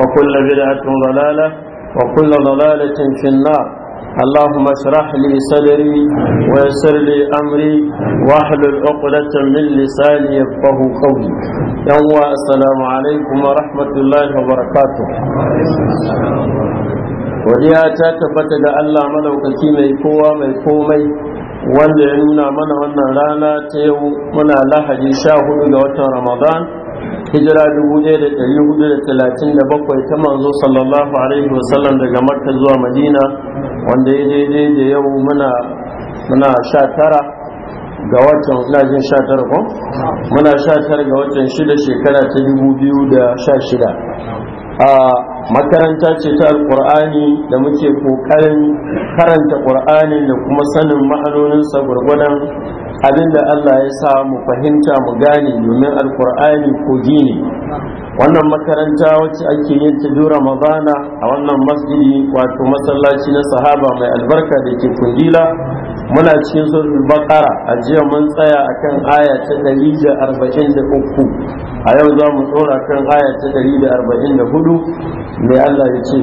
وكل بدعة ضلالة وكل ضلالة في النار اللهم اشرح لي صدري ويسر لي امري واحلل عقدة من لساني يفقه قولي يوم السلام عليكم ورحمة الله وبركاته وليا ta tabbata da Allah madaukaki mai kowa mai komai wanda ya nuna mana wannan rana ta yau muna lahadi sha hudu ga watan Ramadan hijira 1437 ta manzo sallallahu alaihi wasallam daga makka zuwa madina wanda ya daidai da yau muna muna sha tara ga watan ina jin sha tara ko muna sha tara ga watan shida shekara ta dubu biyu da sha shida a makaranta ce ta alkur'ani da muke kokarin karanta ƙur'anin da kuma sanin ma'anoninsa gwargwadon Abin da Allah ya sa mu fahimta mu gane domin alkur'ani ko gini, wannan makaranta wacce ake yin ta duk ramadana a wannan masjidi wato masallaci na sahaba mai albarka da ke kundila muna cikin suratul bakara a jiya mun tsaya akan aya ta 143 a yau za mu tsora kan aya ta 144 mai Allah ya ce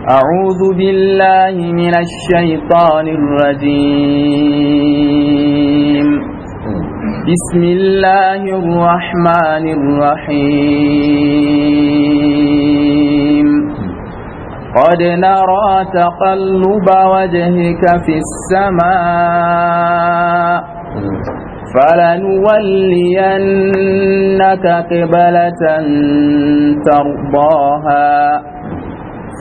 أعوذ بالله من الشيطان الرجيم بسم الله الرحمن الرحيم قد نرى تقلب وجهك في السماء فلنولينك قبلة ترضاها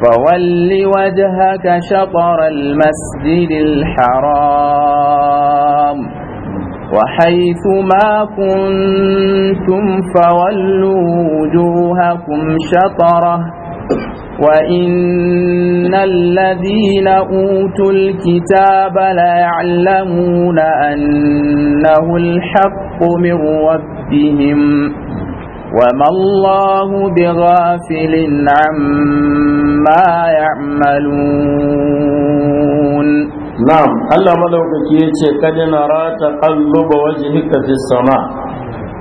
فول وجهك شطر المسجد الحرام وحيث ما كنتم فولوا وجوهكم شطرة وإن الذين أوتوا الكتاب ليعلمون أنه الحق من ربهم وما الله بغافل عما يعملون na'am Allah madaukaki ya ce kad rata taqalluba wajhika fis sama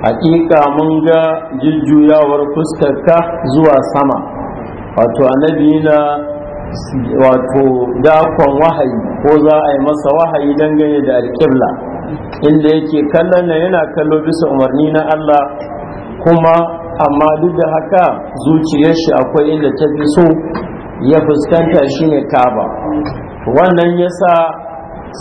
hakika mun ga jujjuyawar fuskarka zuwa sama wato annabi na wato dakon wahayi ko za a yi masa wahayi dangane da alƙibla inda yake kallon nan yana kallo bisa umarni na Allah kuma amma duk da haka zuciyar shi akwai inda tafi so ya fuskanta shine kaba wannan yasa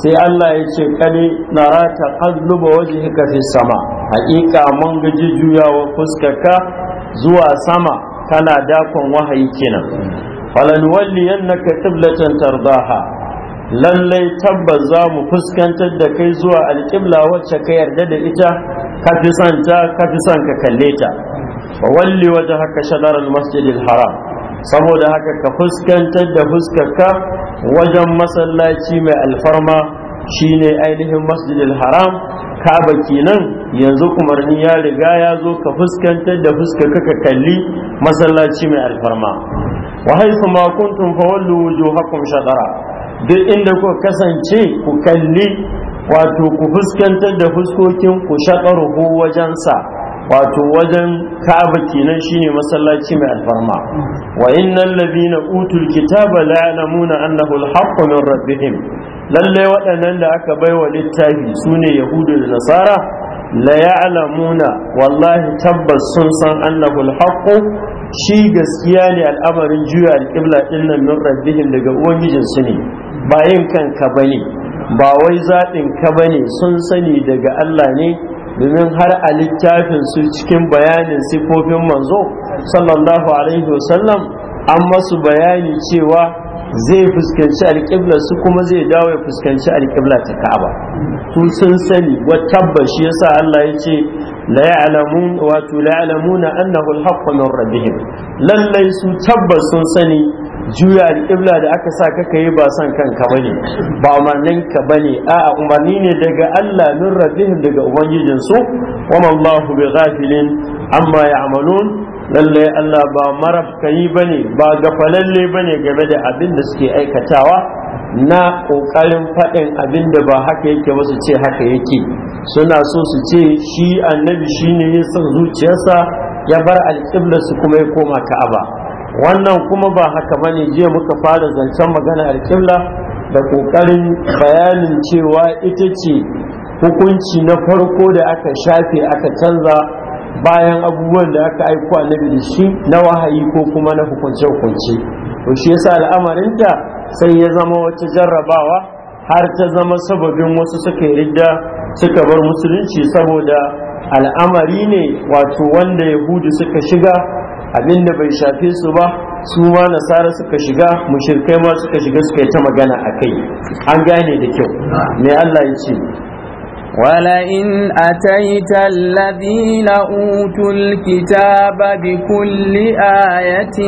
sai Allah ya ce kale nara waje wajhika fi sama haƙiƙa mun juya wa fuskarka zuwa sama kana dakon wahayi kenan falan falanwalliyannaka qiblatan tardaha lallai tabbas za mu fuskantar da kai zuwa alƙibla wacce ka yarda da ita ka fi santa ka fi son ka kalle ta walli wajen haka masjidil haram saboda haka ka fuskantar da fuskarka wajen masallaci mai alfarma shine ainihin masjidil haram kaba kenan yanzu umarni ya riga ya zo ka fuskantar da fuskarka ka kalli masallaci mai alfarma wa haisu ma kuntum fawallu wujuhakum shadara duk inda ku kasance ku kalli wato ku fuskantar da fuskokin ku wajen wajensa wato wajen kaba kenan shine masallaci mai alfarma wa innal ladina utul kitaba la ya'lamuna annahu al min rabbihim lalle waɗannan da aka baiwa littafi sune yahudu da nasara la ya'lamuna wallahi tabbas sun san annahu al shi gaskiya ne al'amarin juya al-qibla dinnan min rabbihim daga su ne ba yin kanka bane ba wai zaɓin ka bane sun sani daga Allah ne domin har a littafin su cikin bayanin sifofin manzo sallallahu alaihi wasallam an masu bayani cewa zai fuskanci alƙibla su kuma zai dawo ya fuskanci alƙibla ta ka'aba su sun sani wa ya sa Allah ya ce la ya'lamun wato la ya'lamuna annahu al-haqqu min rabbihim lallai su tabbas sun sani juya alƙibla da aka sa ka yi ba son kanka bane ba umarnin ka bane a'a umarni ne daga Allah min rabbihim daga ubangijin su wa Allahu bi ghafilin amma ya'malun lalle Allah ba marafkayi bane ba gafalalle bane game da abin da suke aikatawa na ƙoƙarin faɗin abin da ba haka yake ba su ce haka yake suna so su ce shi annabi shine ya san zuciyarsa ya bar su kuma ya koma ka'aba wannan kuma ba haka ba ne jiya muka fara zancen magana alƙibla da ƙoƙarin bayanin cewa ita ce hukunci na farko da aka shafe aka canza bayan abubuwan da aka aiko a da shi na wahayi ko kuma na hukunce-hukunce to shi yasa al'amarinta sai ya zama wata jarrabawa har ta zama sababin wasu suka yi ridda suka bar musulunci saboda al'amari ne wato wanda yahudu suka shiga abin da bai shafi su ba su ma nasara suka shiga mushirkai ma suka shiga suka yi ta magana a kai an gane da kyau mai Allah ya ce ولئن أتيت الذين أوتوا الكتاب بكل آية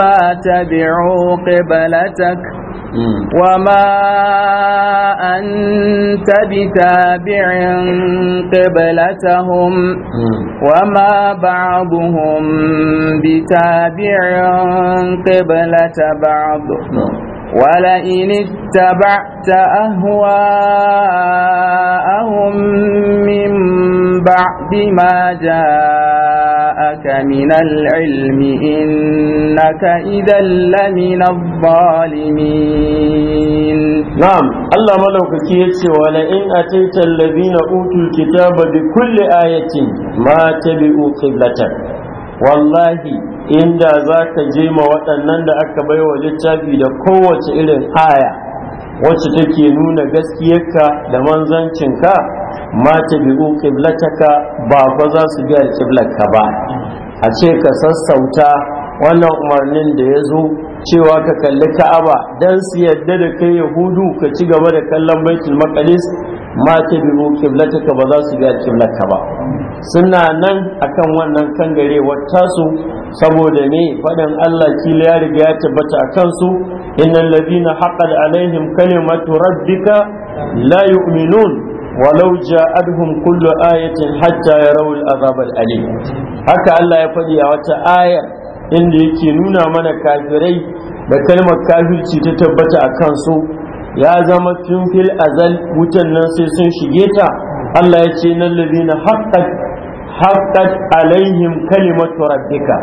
ما تبعوا قبلتك وما أنت بتابع قبلتهم وما بعضهم بتابع قبلة بعض ولئن اتبعت أهواءهم من بعد ما جاءوا لك من العلم إنك إذا لمن الظالمين نعم الله ملوك كيتس ولئن أتيت الذين أوتوا الكتاب بكل آية ما تبعوا قبلتك wallahi inda za ka je ma waɗannan da aka baiwa littafi da kowace irin aya wacce take nuna gaskiyarka da manzancinka ma tabi'u qiblataka ba fa za su biya alqiblarka ba a ce ka sassauta wannan umarnin da ya zo cewa ka kalli ka'aba dan su yadda da kai yahudu ka ci gaba da kallon baitul maqdis ma tabi'u qiblataka ba za su biya alqiblarka ba suna nan akan wannan kangarewar tasu saboda ne faɗin Allah kila ya riga ya tabbata a kansu innal ladina haqqat alaihim kalimatu rabbika la yu'minun walau ja'adhum kullu ayatin hatta yarau al'azab al'alim haka Allah ya faɗi a wata ayar inda yake nuna mana kafirai da kalmar kafirci ta tabbata a kansu ya zama fil azal wutan nan sai sun shige ta Allah ya ce nan ladina haqqat haqqat alaihim kalimatu rabbika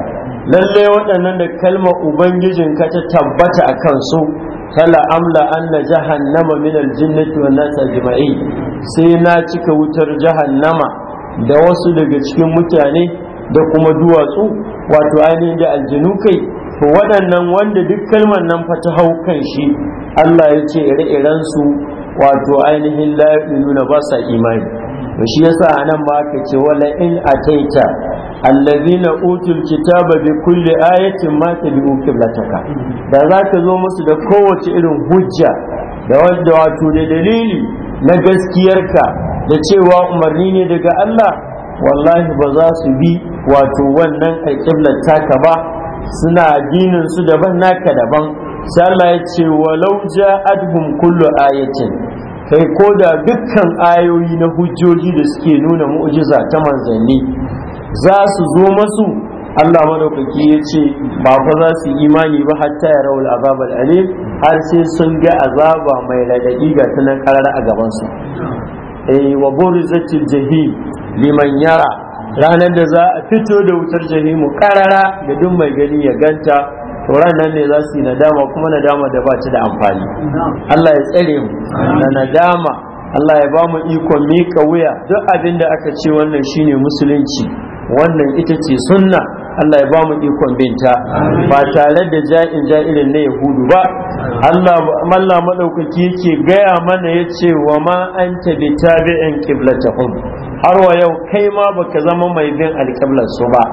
lalle waɗannan da kalmar ubangijinka ta tabbata a kansu fala amla anna jahannama min aljinnati wan nas ajma'in sai na cika wutar jahannama da wasu daga cikin mutane da kuma duwatsu wato ainihin da aljinu kai to waɗannan wanda duk kalmar nan fa ta hau shi Allah ya ce ire-iren su wato ainihin la nuna ba sa imani to shi yasa anan ma ka ce wala in ataita allazina utul kitaba bi kulli ayatin ma tabi'u qiblataka da za ka zo musu da kowace irin hujja da wanda wato da dalili na gaskiyarka da cewa umarni ne daga Allah wallahi ba za su bi wato wannan alƙiblar taka ba suna addinin su daban naka daban sai Allah ya ce walau adhum kullu ayatin kai ko da dukkan ayoyi na hujjoji da suke nuna mu'jiza ta manzanni za su zo masu Allah madaukaki ya ce ba fa za su imani ba hatta ya rawul azab alim har sai sun ga azaba mai ladadi ga tunan karara karar a gaban su eh wa burzatil jahim liman yara ranar da za a fito da wutar jahimu karara da duk mai gani ya ganta to ranar ne za su yi nadama kuma nadama da ba ta da amfani Allah ya tsare mu da nadama Allah ya ba mu ikon mika wuya duk abin da aka ce wannan shine musulunci wannan ita ce sunna Allah ya ba mu ikon binta ba tare da ja'in ja'irin na yahudu ba Allah malla madaukaki yake gaya mana ya ce wa ma anta bi tabi'in qiblatahum har wa yau kai ma baka zama mai bin alƙiblar su ba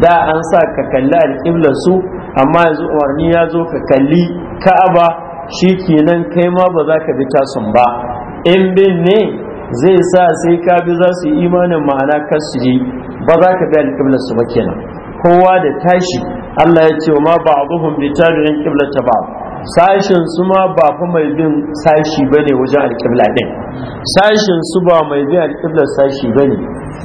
da an sa ka kalli alƙiblar su amma yanzu umarni ya zo ka kalli ka'aba shi kenan kai ma ba za ka bi tasun ba in bin ne zai sa sai ka bi za su yi imanin ma'ana kasu ji ba za ka bi alƙiblar su ba kenan kowa da tashi Allah ya ce wa ma ba'dhum bi tabi'in ta ba? sashin su ma ba fa mai bin sashi ba ne wajen alƙibla ɗin sashin su ba mai bin alƙiblar sashi ba ne?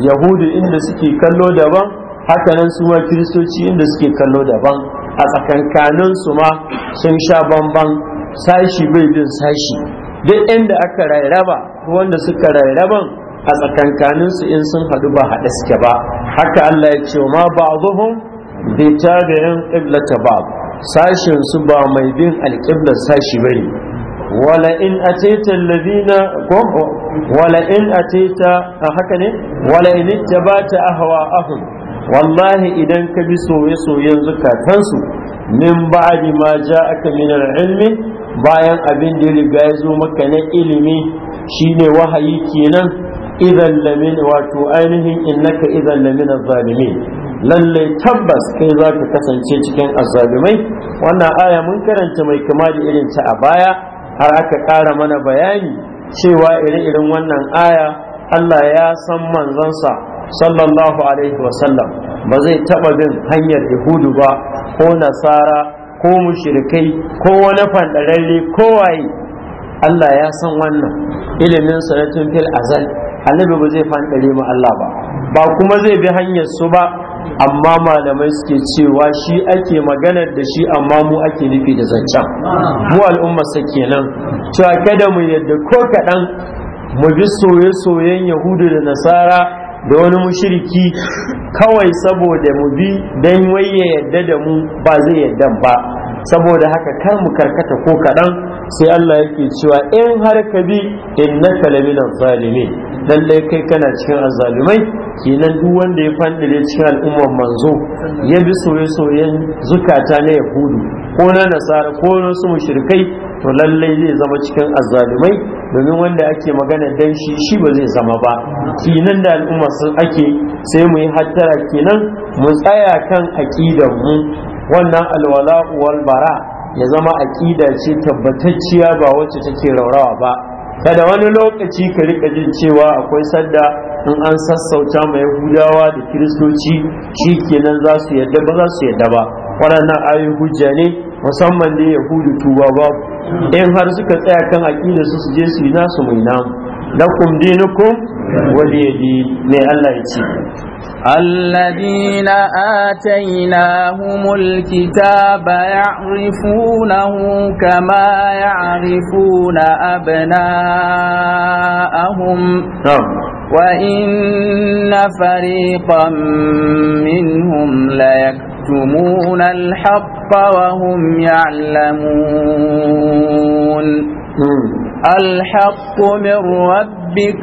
yahudu inda suke kallo daban hakanan su ma kiristoci inda suke kallo daban a tsakankanin su ma sun sha bamban sashi bai bin sashi duk inda aka rairaba wanda suka rairaban a tsakankanin su in sun hadu ba haɗa suke ba haka Allah ya ce ma ba'dhum bi tabi'in qiblata ba'd sashin su ba mai bin alqiblar sashi bane wala in ataita alladhina wala in ataita haka ne wala in ittabata ahwa'ahum wallahi idan ka bi soye-soyen zukatansu min ba'di ma ja'aka min al-ilmi bayan abin da riga ya zo maka na ilimi shine wahayi kenan idan lamin wato ainihin innaka idan lamin zalimin lallai tabbas kai zaka kasance cikin azzalumai wannan aya mun karanta mai kama da irin ta a baya har aka ƙara mana bayani cewa ire-iren wannan aya Allah ya san manzansa sallallahu alaihi wasallam ba zai taɓa bin hanyar Ihudu ba ko nasara ko mushrikai ko wani fandararre ko waye Allah ya san wannan ilimin sanatun fil azal annabi ba zai fandare mu Allah ba ba kuma zai bi hanyar su ba amma malamai suke cewa shi ake maganar da shi amma mu ake nufi da zancen mu al'umma sa kenan cewa kada mu yadda ko kaɗan mu bi soye-soyen yahudu da nasara da wani mushiriki kawai saboda mu bi don waye yadda da mu ba zai yadda ba saboda haka kar mu karkata ko kaɗan sai Allah yake cewa in har ka bi innaka lamina zalimin lallai kai kana cikin azzalumai kenan duk wanda ya fandile cikin al'ummar manzo ya bi soye-soyen zukata na yahudu ko na nasara ko na su mushrikai to lallai zai zama cikin azzalumai domin wanda ake magana dan shi shi ba zai zama ba kenan da al'umma sun ake sai mu yi hattara kenan mu tsaya kan aƙidan mu wannan alwala wal bara ya zama aƙida ce tabbatacciya ba wacce take raurawa ba kada wani lokaci ka rika jin cewa akwai sadda in an sassauta mai yahudawa da kiristoci shikenan za su yadda ba za su yadda ba waɗannan ayoyin hujja ne musamman ne yahudu tuba ba. in har suka tsaya kan aƙida su su je su yi nasu mai namu lakum dinukum وليدي من الله يتي الذين آتيناهم الكتاب يعرفونه كما يعرفون أبناءهم وإن فريقا منهم ليكتمون الحق وهم يعلمون الحق من ربك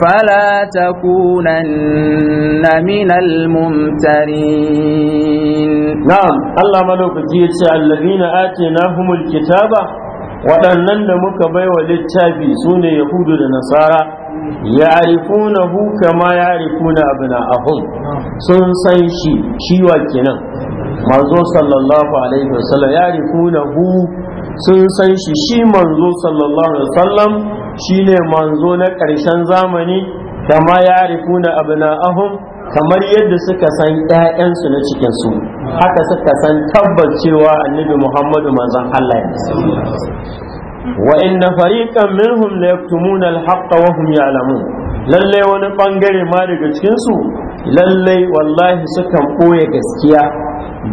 فلا تكونن من الممترين نعم الله ملوك جيتش الذين آتيناهم الكتابة waɗannan da muka baiwa littafi sune yahudu da nasara ya arifunahu kama ya arifuna abin ahun sun san shi shiwa kenan manzo sallallahu alaihi wasallam ya arifunahu sun san shi shi manzo sallallahu alaihi wasallam shine manzo na ƙarshen zamani kama ya na abna'ahum kamar yadda suka san 'ya'yansu na cikin su haka suka san tabbas cewa annabi Muhammadu manzon Allah ne wa inna fariqan minhum la yaktumuna al-haqqa wa hum ya'lamun lalle wani bangare ma daga cikin su lalle wallahi sukan ɓoye gaskiya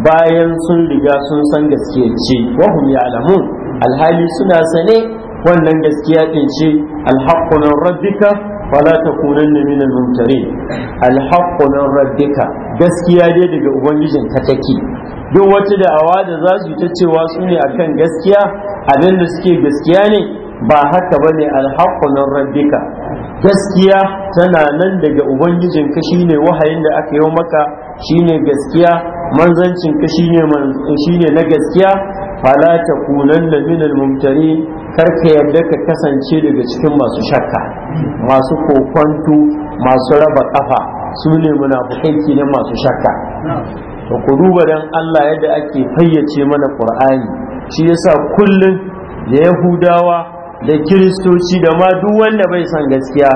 bayan sun riga sun san gaskiya ce wa hum ya'lamun alhali suna sane wannan gaskiya din ce alhaqqu rabbika wala takunanna min al-mumtarin alhaqqu rabbika gaskiya dai daga ubangijin ka take duk wata da'awa da za su ta cewa su ne akan gaskiya abin da suke gaskiya ne ba haka bane ne min rabbika gaskiya tana nan daga ubangijin ka shine wahayin da aka yi maka shine gaskiya manzancin ka shine shine na gaskiya fala da minal mumtari kar ka yarda ka kasance daga cikin masu shakka masu kokwanto masu raba kafa su ne munafukai ne masu shakka to ku duba dan Allah yadda ake fayyace mana Qur'ani shi yasa kullun da Yahudawa da Kiristoci da ma duk wanda bai san gaskiya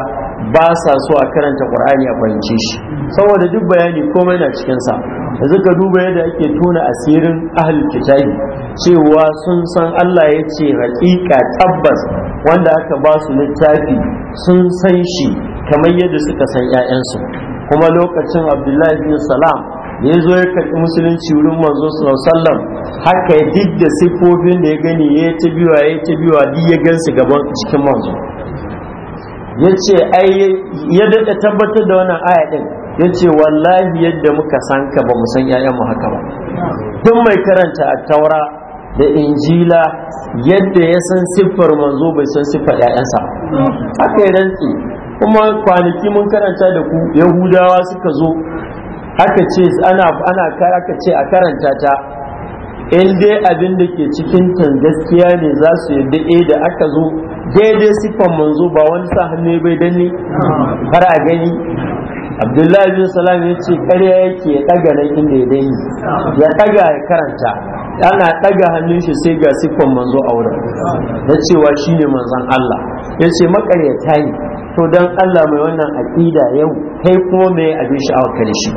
ba sa so a karanta Qur'ani a fahimce shi saboda duk bayani komai na cikin sa yanzu ka duba yadda ake tona asirin ahlul kitabi cewa sun san Allah ya ce haƙiƙa tabbas wanda aka ba su littafi sun san shi kamar yadda suka san 'ya'yansu kuma lokacin abdullahi bin salam da ya zo ya karɓi musulunci wurin manzo sallam haka ya duk da siffofin da ya gani ya ta biyuwa ya ta biyuwa duk ya gansu gaban cikin manzo ya ce ya daɗa tabbatar da wannan aya ɗin ya ce wallahi yadda muka san ka ba mu san mu haka ba duk mai karanta a taura da injila yadda ya san siffar manzo bai san siffar ‘ya'yansa haka ya rantse kuma kwanaki mun karanta da ku yahudawa suka zo aka ce ana ana aka ce a karanta ta in dai abin da ke cikin tan gaskiya ne za su yadda e eh, da aka zo daidai siffar manzo ba wani sa hannu bai danne har a gani abdullahi bin salam ya ce karya yake ya ɗaga nan inda ya danyi ya ɗaga ya karanta ana ɗaga hannun shi sai ga siffan manzo a wurin na cewa shine manzan Allah ya ce makaryata ne to dan Allah mai wannan aƙida yau kai kuma mai abin sha'awa ka shi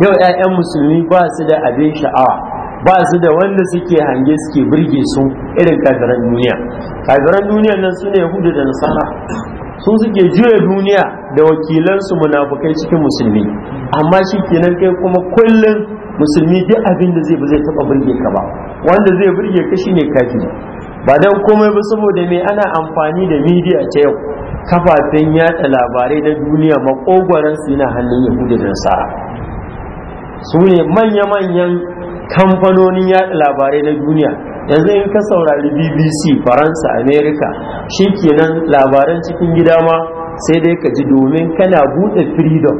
yau 'ya'yan musulmi ba su da abin sha'awa ba su da wanda suke hange suke birge su irin kafiran duniya kafiran duniya nan su ne yahudu da nasara su suke juya duniya da wakilansu munafukai cikin musulmi amma shi kenan kai kuma kullum musulmi duk abin da zai bi zai taba burge ka ba wanda zai burge ka shine kaji ba dan komai ba saboda me ana amfani da media ta yau kafafen yada labarai na duniya makogwaran su yana hannun yahudi da nasara su ne manya-manyan kamfanonin yada labarai na duniya yanzu in ka saurari bbc faransa america shikenan labaran cikin gida ma sai dai ka ji domin kana bude freedom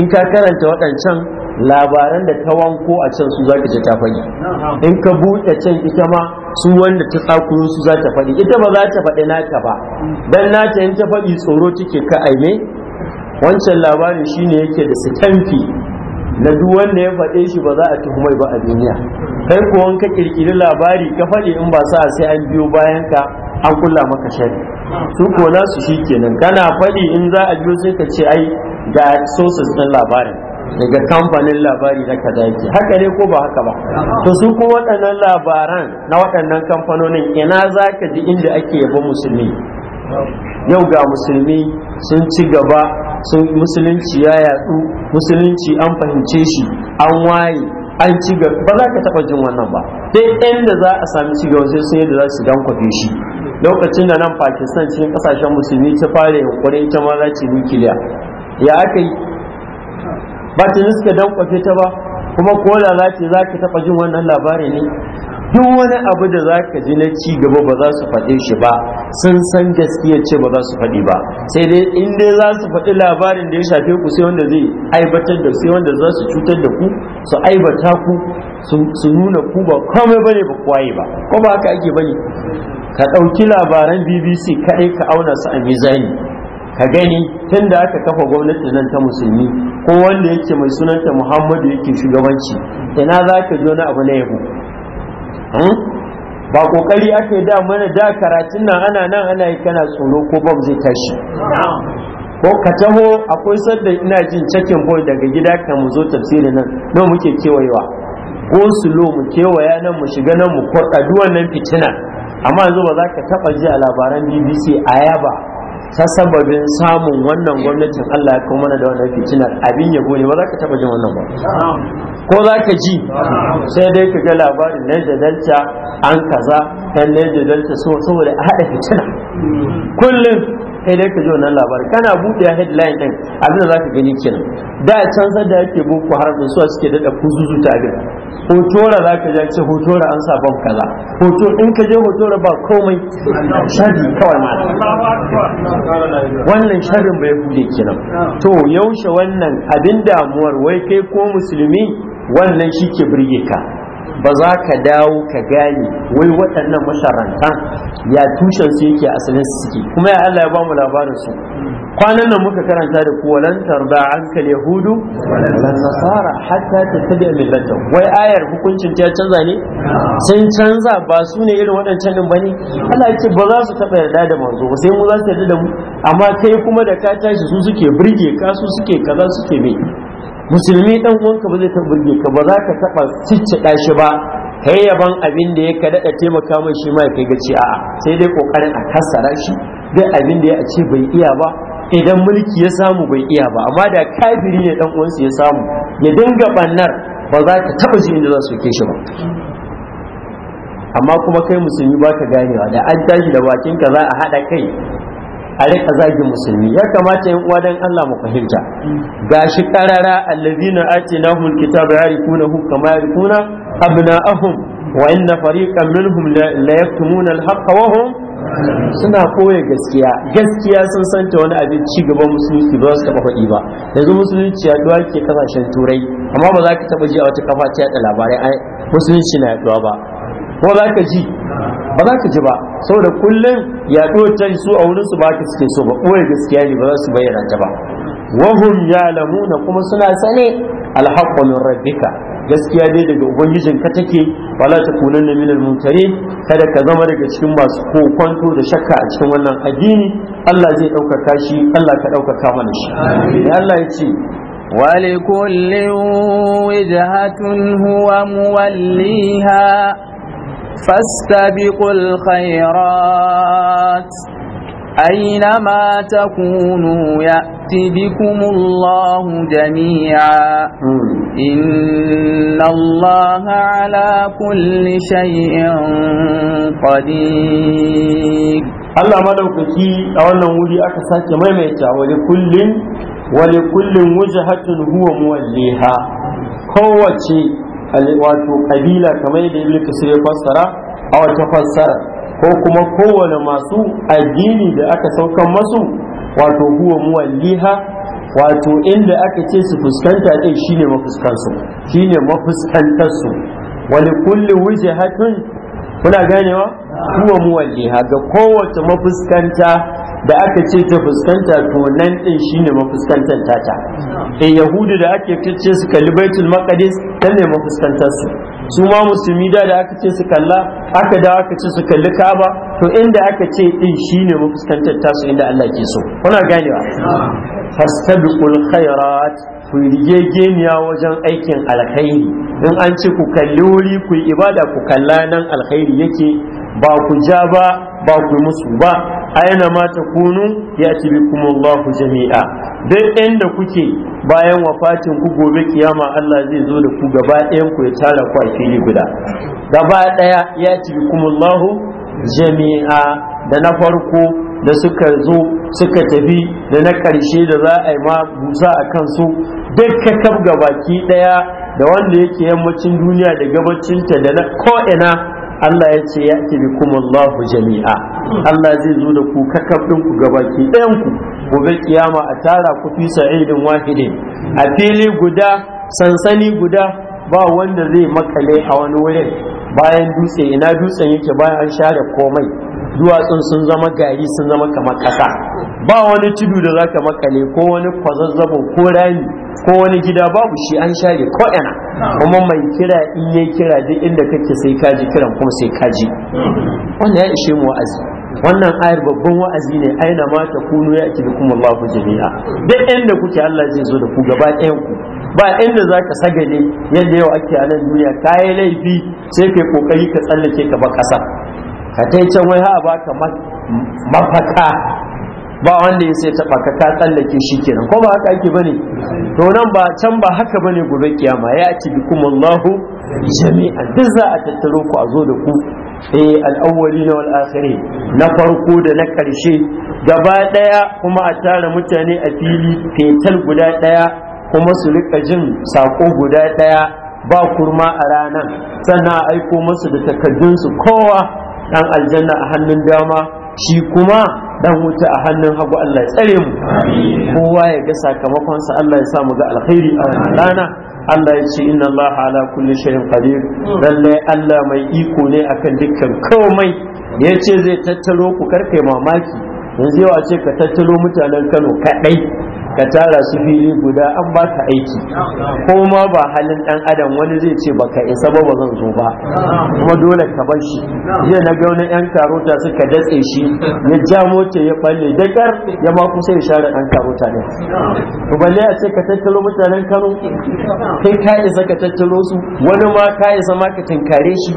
in ka karanta waɗancan labaran da ta wanko a can su zaka ce ta faɗi in ka buɗe can ita ma su wanda ta tsakuro su za ta faɗi ita ba za ta faɗi nata ba dan nata in ta faɗi tsoro take ka aime wancan labarin shine yake da sitamfi na duk wanda ya faɗe shi ba za a tuhumai ba a duniya kai ko wanka kirkiri labari ka faɗi in ba sa sai an biyo bayan ka an kulla maka shari su ko nasu shikenan kana faɗi in za a biyo sai ka ce ai ga sources ɗin labarin daga kamfanin labari na kaza yake haka ne ko ba haka ba to su kuma waɗannan labaran na waɗannan kamfanonin ina za ka ji inda ake yabo musulmi yau ga musulmi sun ci gaba sun musulunci ya yatsu musulunci an fahimce shi an waye an ci gaba ba za ka taɓa jin wannan ba sai inda za a sami ci gaba sai sun yadda za su dan kwafe shi lokacin da nan pakistan cikin kasashen musulmi ta fara yunkurin ta ma za ci nukiliya ya aka yi ba ta suka dankwafe ta ba kuma ko da za ka taɓa jin wannan labari ne duk wani abu da za ka ji na ci gaba ba za su faɗe shi ba sun san gaskiya ce ba za su faɗi ba sai dai in dai za su faɗi labarin da ya shafe ku sai wanda zai aibatar da sai wanda za su cutar da ku su aibata ku su nuna ku ba komai bane ba kwaye ba ko ba haka ake bane ka ɗauki labaran bbc kaɗai ka auna su a mizani ka gani tun da aka kafa gwamnati nan ta musulmi ko wanda yake mai sunanta muhammadu yake shugabanci ina za ka ji wani abu na yabo hmm? ba kokari aka yi da mana da karatun nan ana nan ana yi kana tsoro ko bam zai tashi ko ka taho akwai sadda ina jin cakin boy daga gida ka mu zo tafsirin nan nawa muke kewayewa ko slow mu kewaya nan mu shiga nan mu kwaɗa duwan nan fitina amma yanzu ba za ka taɓa ji a labaran bbc ayaba ta sababin samun wannan gwamnatin Allah ya kuma da wannan fitina abin ya gode, ba za ka taba jin wannan ba ko za ka ji sai dai ka ga labarin Niger dalta an kaza kan dalta so saboda a haɗa fitina kullum kai dai ka ji wannan labarin kana buɗe headline din abin da za ka gani kenan da can da yake boko haram din suwa suke daɗa kuzuzu ta abin hotora za ka ja ce hotora an sa bom kaza hoto in ka je hotora ba komai shari kawai ma wannan sharin bai buɗe kenan to yaushe wannan abin damuwar wai kai ko musulmi wannan shi ke birge ka ba za ka dawo ka gane wai waɗannan masharantan ya tushen su yake asalin su suke kuma ya Allah ya ba mu labarin su kwanan nan muka karanta da kuwalan an kal yahudu wal nasara hatta tattabi'a millata wai ayar hukuncin ta canza ne sun canza ba su ne irin waɗancan din bane Allah ya ba za su taɓa yarda da manzo ba sai mu za su yarda da mu amma kai kuma da ka tashi su suke burge ka su suke kaza suke me musulmi dan uwanka ba zai burge ka ba za ka taba ciccida shi ba kai yaban abin da ya ka daɗa taimaka mai shi ma kai gaci a'a sai dai kokarin a kasara shi dai abin da ya ce bai iya ba idan mulki ya samu bai iya ba amma da kafiri ne dan uwansa ya samu ya dinga bannar ba za ka taba shi inda za su ke shi ba amma kuma kai musulmi ba ka ganewa da an tashi da bakinka za a haɗa kai a rika zagin musulmi ya kamata yin uwa dan Allah mu fahimta gashi karara allazina atinahumul yarifuna ya'rifunahu kama ya'rifuna abna'ahum wa inna fariqan minhum la yaktumuna alhaq wa hum suna koya gaskiya gaskiya sun ta wani abin ci gaban musulunci ba su taba faɗi ba yanzu musulunci yaduwa ke kasashen turai amma ba za ka taba ji a wata kafa ta yada labarai musulunci na yaduwa ba ko za ka ji ba za ka ji ba saboda kullum yaɗo ta su a wurin su ba ka suke so ba ɓoye gaskiya ne ba za su bayyana ta ba ya na kuma suna sane alhaqqu rabbika gaskiya dai daga ubangijin ka take ba za ta na minar mutare kada ka zama daga cikin masu kokonto da shakka a cikin wannan addini Allah zai ɗaukaka shi Allah ka ɗaukaka mana shi Allah ya ce ولكل وجهة هو موليها فاستبقوا الخيرات أينما تكونوا يأت بكم الله جميعا إن الله على كل شيء قدير Allah madaukaki a wannan wuri aka sake maimaita wani kullin wani kullin wujahatun huwa muwalliha wato kabila kamar da ibn kasir ya fassara a wata fassara ko kuma kowane masu addini da aka saukan masu wato huwa muwalliha wato inda aka ce su fuskanta din shine mafuskansu shine mafuskantarsu wani kulli wujahatun kuna ganewa huwa muwalliha ga kowace mafuskanta da aka ce ta fuskanta to nan din shine mafuskantar tata eh yahudu da ake kace su kalli baitul maqdis ta ne mafuskantar su su ma musulmi da da aka ce su kalla aka da aka ce su kalli kaba to inda aka ce din shine mafuskantar tasu inda Allah ke so kuna ganewa fastabiqul khairat ku rige geniya wajen aikin alkhairi in an ce ku kalli wuri ku ibada ku kalla nan alkhairi yake ba ku ja ba ba ku musu ba aina ma ci bi kuma Allah jami'a duk inda kuke bayan wafatin ku gobe kiyama Allah zai zo da ku gaba ɗayan ku ya tara ku a fili guda gaba ɗaya ya bi kuma Allah jami'a da na farko da suka zo suka tafi da na ƙarshe da za a yi ma busa a kansu dukkan kabga baki ɗaya da wanda yake yammacin duniya da gabacinta da na ko'ina Allah ya ce ya bi kuma Allahu jami'a Allah zai zo da ku kakaf din ku gabaki ɗayan ku gobe kiyama a tara ku fi sa'idin wahide a fili guda sansani guda ba wanda zai makale a wani wurin bayan dutse ina dutsen yake bayan an share komai duwatsun sun zama gari sun zama kamar kasa ba wani tudu da zaka makale ko wani kwazazzabo ko rami ko wani gida babu shi an share ko ina kuma mai kira in yi kira duk inda kake sai kaji kiran kuma sai kaji wannan ya ishe mu wa'azi wannan ayar babban wa'azi ne aina ma ta kunu ya ki kuma Allahu jami'a duk inda kuke Allah zai zo da ku gaba ɗayan ku ba inda zaka sagale yadda yau ake a nan duniya kai laifi sai kai kokari ka tsallake ka ba kasa ka tai can wai ha baka mafaka ba wanda ya sai taɓa ka tsallake shi kenan ko ba haka ake bane to nan ba can ba haka bane gobe kiyama ya ci kuma Allahu jami'an duk za a tattaro ku a zo da ku eh al'awwali na wal'akhiri na farko da na ƙarshe gaba ɗaya kuma a tara mutane a fili fetal guda ɗaya kuma su rika jin sako guda ɗaya ba kurma a ranar sannan a aiko masu da takardunsu kowa ɗan aljanna a hannun dama shi kuma dan wuta a hannun hagu Allah ya tsare mu kowa ya ga sakamakonsa Allah ya sa mu ga alkhairi a rana Allah ya ce inna Allah ala kulli shay'in qadir lalle Allah mai iko ne akan dukkan komai ya ce zai tattaro ku karfe mamaki yanzu yau a ce ka tattaro mutanen Kano kadai ka tara su fili guda an ba ka aiki ko ma ba halin dan adam wani zai ce baka isa ba ba zan zo ba kuma dole ka bar shi jiya na ga wani yan karota suka datse shi ya ja mota ya balle da kar ya ma kusa ya share dan karota ne to balle a ce ka tattalo mutanen Kano kai ka isa ka tattalo su wani ma ka isa ma ka tinkare shi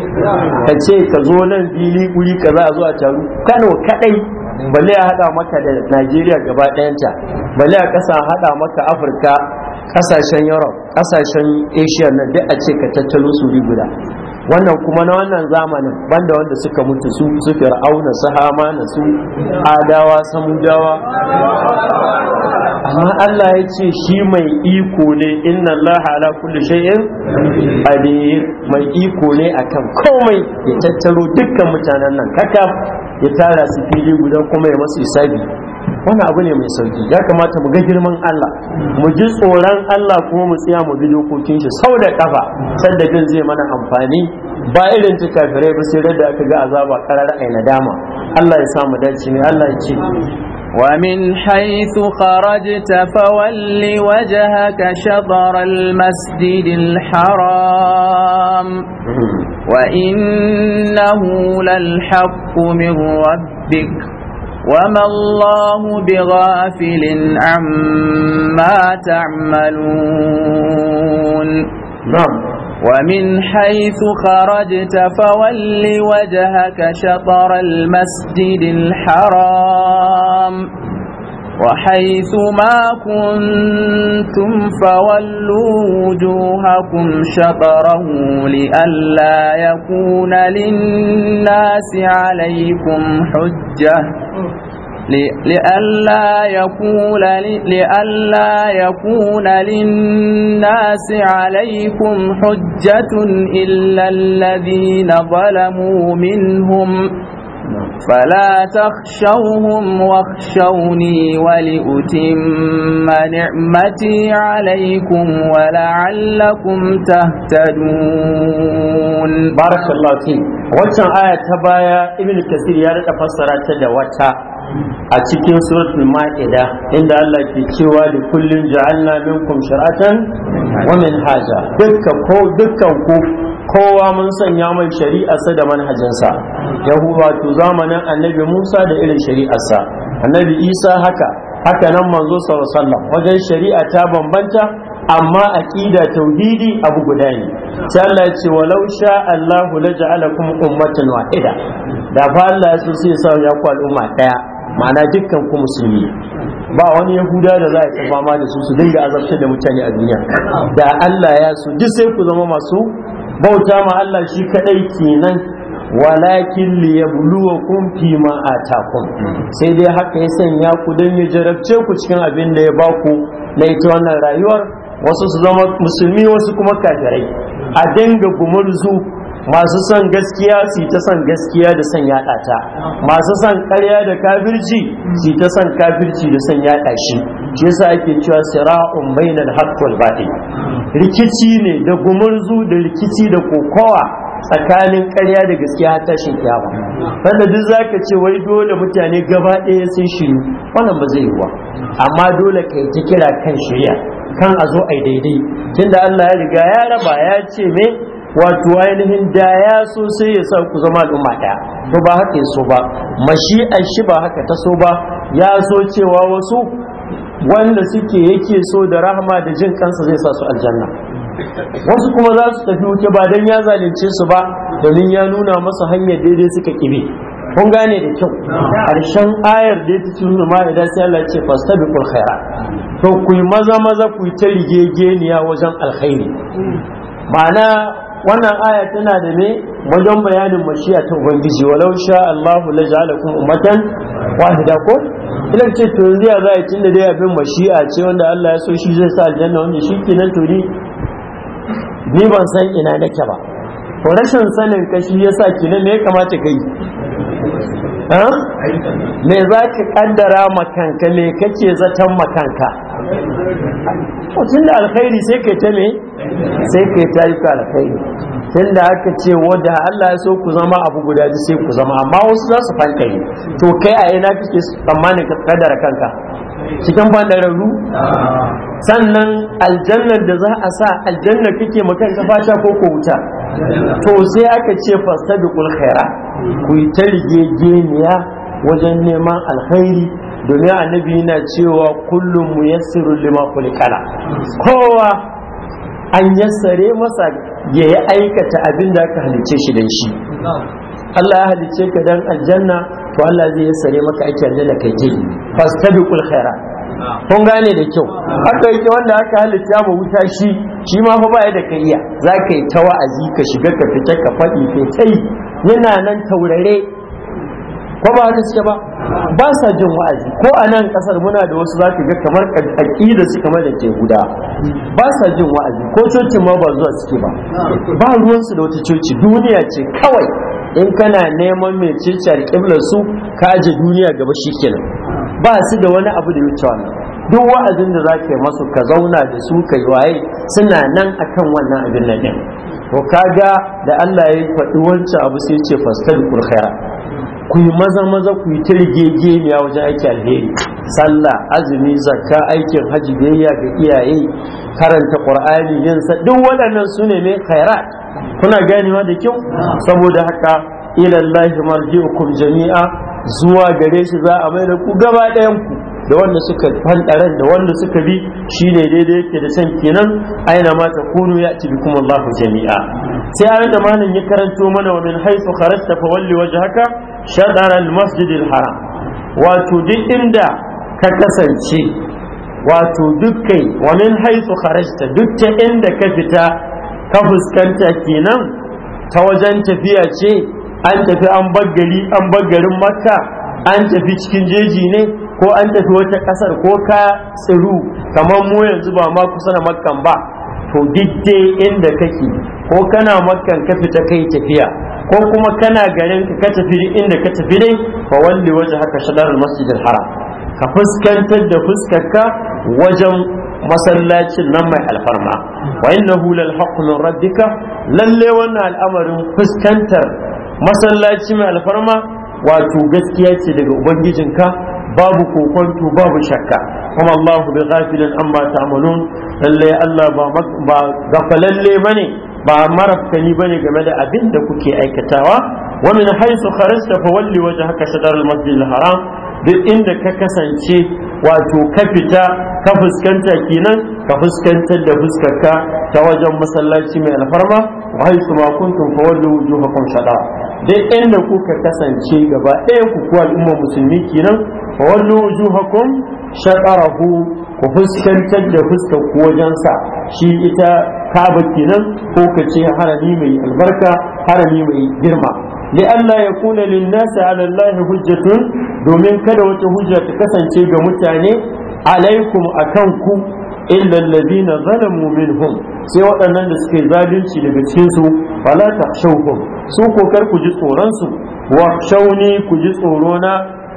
ka ce ka zo nan fili guri ka za a zo a taru Kano kadai balle ya hada maka da Najeriya gaba ta. Bali a ƙasa haɗa maka afirka ƙasashen europe ƙasashen asia na duk a ce ka tattalo su guda wannan kuma na wannan zamanin banda wanda suka mutu su su fir'auna su hama na su adawa samudawa amma Allah ya ce shi mai iko ne inna Allah ala kulli shay'in qadir mai iko ne akan komai ya tattaro dukkan mutanen nan kaka ya tara su fili guda kuma ya masu isabi Wani abu ne mai sauki ya kamata mu ga girman Allah mu ji tsoron Allah kuma mu tsaya mu bi dokokin shi sau da kafa sanda din zai mana amfani ba irin ta kafirai ba sai da aka ga azaba karar ai nadama Allah ya samu dace ne Allah ya ce ومن حيث خرجت فول وجهك شطر المسجد الحرام وإنه للحق من ربك وما الله بغافل عما تعملون نعم ومن حيث خرجت فول وجهك شطر المسجد الحرام وحيث ما كنتم فولوا وجوهكم شطره لئلا يكون للناس عليكم حجة لئلا يكون لئلا يكون للناس عليكم حجة إلا الذين ظلموا منهم فلا تخشوهم واخشوني ولأتم نعمتي عليكم ولعلكم تهتدون بارك الله فيك wancan aya ta baya ibn kasir ya rika fassara ta da wata a cikin suratul ma'ida inda Allah ke cewa da kullun ja'alna minkum shir'atan wa min haja dukkan ko dukkan ku kowa mun sanya mai shari'arsa da manhajinsa yahuwa to zamanin annabi musa da irin shari'arsa annabi isa haka haka nan manzo sallallahu wajen shari'a ta bambanta amma aqida tauhidi abu guda ne sai Allah ya ce walau sha Allahu ummatan wahida da fa Allah ya so sai sa ya ku al'umma daya ma'ana dukkan ku musulmi ba wani yahuda da za a tafa fama da su su dinga azabtar da mutane a duniya da Allah ya so ji sai ku zama masu bauta ma Allah shi kadai kenan walakin li yabluwakum fi ma atakum sai dai haka ya sanya ku dan ya jarabce ku cikin abin da ya baku na ita wannan rayuwar wasu su zama musulmi wasu kuma kafirai a dinga gumurzu masu son gaskiya su ta son gaskiya da son yaɗa ta masu son karya da kafirci su ta son kafirci da son yaɗa shi shi yasa ake cewa sira'un bainal haqq wal batil rikici ne da gumurzu da rikici da kokowa tsakanin karya da gaskiya har tashin kiyama wanda duk zaka ce wai dole mutane gaba ɗaya sun shiru wannan ba zai yi ba amma dole kai ta kira kan shirya kan a zo ai daidai tunda Allah ya riga ya raba ya ce me wato ainihin da ya so sai ya sa ku zama al'umma ɗaya to ba haka ya so ba mashi'ar shi ba haka ta so ba ya so cewa wasu wanda suke yake so da rahama da jin kansa zai sa su aljanna wasu kuma za su tafi wuce ba don ya zalunce su ba domin ya nuna masa hanyar daidai suka kibe kun gane da kyau harshen ayar da ta ci nuna ma'ida sai Allah ce fasta bi kul khaira to ku maza maza ku ta rigegeniya wajen alkhairi ma'ana wannan aya tana da ne wajen bayanin mashiya ta ubangiji walau sha Allahu la ja'alakum ummatan wahida ko idan ce to yanzu ya zai tunda dai abin mashiya ce wanda Allah ya so shi zai sa aljanna wanda shi ke to ni ni ban san ina nake ba ko rashin sanin kashi yasa kenan me ya kamata kai me za ka kaddara makanka me kake zaton makanka tun da alkhairi sai ka ta me sai ka ta yi alkhairi tun da aka ce wadda Allah ya so ku zama abu guda ji sai ku zama amma wasu za su yi to kai a yana kake tsammanin ka kadara kanka cikin da bandararru sannan aljannar da za a sa aljannar kake maka ka fata ko ko wuta to sai aka ce fastabiqul khaira ku yi ta rigegeniya wajen neman alkhairi domin annabi yana cewa kullum mu yassiru lima kulikala kowa an yassare masa ya yi aikata abin da aka halice shi dan shi Allah ya halice ka dan aljanna to Allah zai yassare maka ake aljanna kai ke fastabiqul khairat kun gane da kyau haka yake wanda aka halitta mu wuta shi shi ma fa baya da kariya iya zaka yi ta wa'azi ka shiga ka fita ka faɗi kai yana nan taurare ko ba haka suke ba ba sa jin wa'azi ko a nan kasar muna da wasu za ka ga kamar aƙida su kamar da ke guda ba sa jin wa'azi ko cocin ma ba zuwa suke ba ba ruwansu da wata coci duniya ce kawai in kana neman mai cicciyar kiblar su ka aje duniya gaba shikenan ba su da wani abu da ya wuce wannan duk wa'azin da za ka yi masu ka zauna da su ka yi waye suna nan akan wannan abin nan ko kaga da Allah ya faɗi wancan abu sai ce fastal kurkhaira ku yi maza maza ku yi a wajen aiki alheri sallah azumi zakka aikin hajji biyayya ga iyaye karanta qur'ani yin sa duk waɗannan su ne mai khairat kuna ganewa da kyau saboda haka ilallahi marji'ukum jami'a zuwa gare shi za a mai da ku gaba ɗayan ku da wanda suka fanɗaren da wanda suka bi shi ne daidai yake da san kenan aina ma ta kunu ya ci bikum Allahu jami'a sai an da malam ya karanto mana wa min haythu kharajta fa walli wajhaka shadarar masjidil haram wato duk inda ka kasance wato dukkan wamin haitsu kharajta duk ta inda ka fita ka fuskanta kenan ta wajen tafiya ce an tafi an baggari an baggarin makka an tafi cikin jeji ne ko an tafi wata ƙasar, ko ka tsiru kamar mu yanzu ba ma kusa da makkan ba to duk inda kake ko kana makkan ka fita kai tafiya ko kuma kana garin ka tafi inda ka tafi dai fa walli waje haka shadar masjid haram ka fuskantar da fuskarka wajen masallacin nan mai alfarma wa innahu lal haqqu min lalle wannan al'amarin fuskantar masallaci mai alfarma wato gaskiya ce daga ubangijinka babu kokonto babu shakka kuma Allahu bi ghafilin amma ta'malun lalle Allah ba ba gafalalle ni ba ne bane game da abin da kuke aikatawa wa min haythu fa fawalli wajhaka haka al-masjid al-haram duk inda ka kasance wato ka fita ka fuskanta kenan ka fuskantar da fuskarka ta wajen masallaci mai alfarma wa haisu ma kuntum fa wallu wujuhakum shaɗa, dai inda kuka kasance gaba ɗaya ku kuwa al'umma musulmi kenan fa wallu wujuhakum shaqarahu ku fuskantar da fuskar ku wajen sa shi ita kaba kenan ko ka ce harami mai albarka harami mai girma li Allah ya kuna lin nasi ala Allah hujjatun domin kada wata hujja ta kasance ga mutane alaikum akan ku illa allazina zalamu minhum sai waɗannan da suke zalunci daga cikin su fala tahshawhum su ko kar ku ji tsoron su wa shauni ku ji tsoro na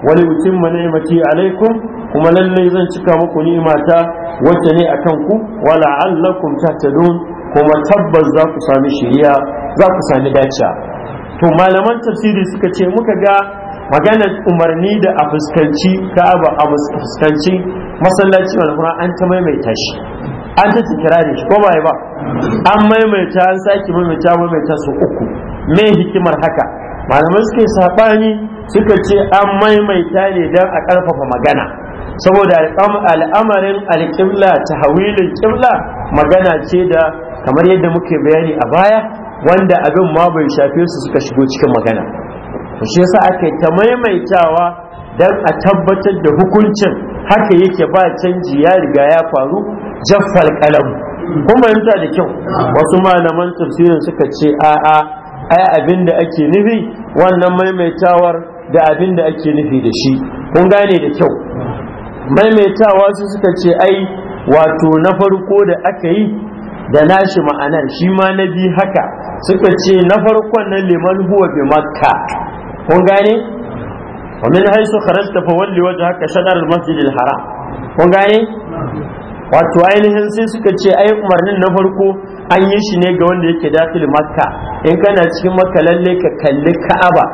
wali utimma ni'mati alaikum kuma lalle zan cika muku ni'imata wacce ne akan ku wala allakum tahtadun kuma tabbas za ku sami shiriya za ku sami dacewa to malaman tafsiri suka ce muka ga maganar umarni da a fuskanci ka'aba a fuskanci masallaci alquran an ta maimaita shi an ta da shi ko ba an maimaita an sake maimaita maimaita su uku me hikimar haka malamai suke sabani suka ce an maimaita ne don a ƙarfafa magana saboda al'amarin alƙibla ta hawilin ƙibla magana ce da kamar yadda muke bayani a baya wanda abin ma bai shafe su suka shigo cikin magana shi yasa aka ta maimaitawa dan a tabbatar da hukuncin haka yake ba canji ya riga ya faru jaffal kalam kun fahimta da kyau wasu malaman tafsirin suka ce a'a ai abin da ake nufi wannan maimaitawar da abin da ake nufi da shi kun gane da kyau maimaitawa su suka ce ai wato na farko da aka yi da nashi ma'anar shi ma na bi haka suka ce na farkon nan liman huwa bi makka kun gane wa min haisu kharajta fa walli wajhaka shadar al-masjid al-haram kun gane wato ainihin sai suka ce ai umarnin na farko an yi shi ne ga wanda yake dakil makka in kana cikin makka lalle ka kalli ka'aba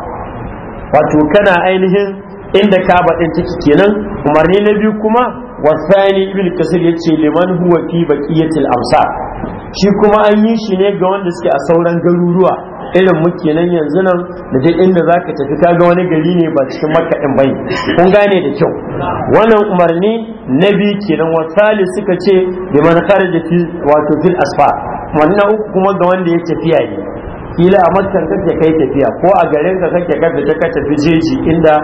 wato kana ainihin inda ka'aba din take kenan umarni na biyu kuma wasani ibn kasir yace liman huwa fi baqiyatil amsar shi kuma an yi shi ne ga wanda suke a sauran garuruwa irin muke nan yanzu nan da duk inda za ka tafi kaga wani gari ne ba cikin makka bai kun gane da kyau wannan umarni na biyu kenan wasali suka ce da man kharaja fi wato fil asfa wannan uku kuma ga wanda ya tafiya ne kila a makkan kake kai tafiya ko a garin ka kake ka fita ka tafi jeji inda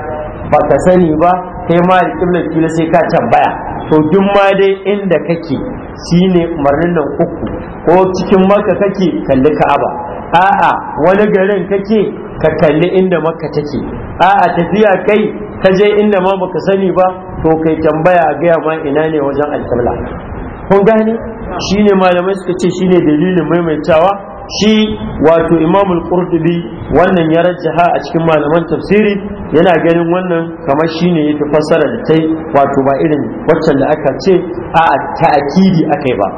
ba ka sani ba kai ma alƙiblar kila sai ka tambaya to duk ma dai inda kake shine umarnin nan uku ko cikin maka kake kalli ka'aba a'a wani garin kake ka kalli inda maka take a'a tafiya kai ka je inda ma baka sani ba to kai tambaya a gaya ma ina ne wajen alƙibla kun gane shine malamai suka ce shine dalilin maimaitawa shi wato imam al-qurtubi wannan ya rajjaha a cikin malaman tafsiri yana ganin wannan kamar shine yake fassara da tai wato ba irin waccan da aka ce a ta'akidi akai ba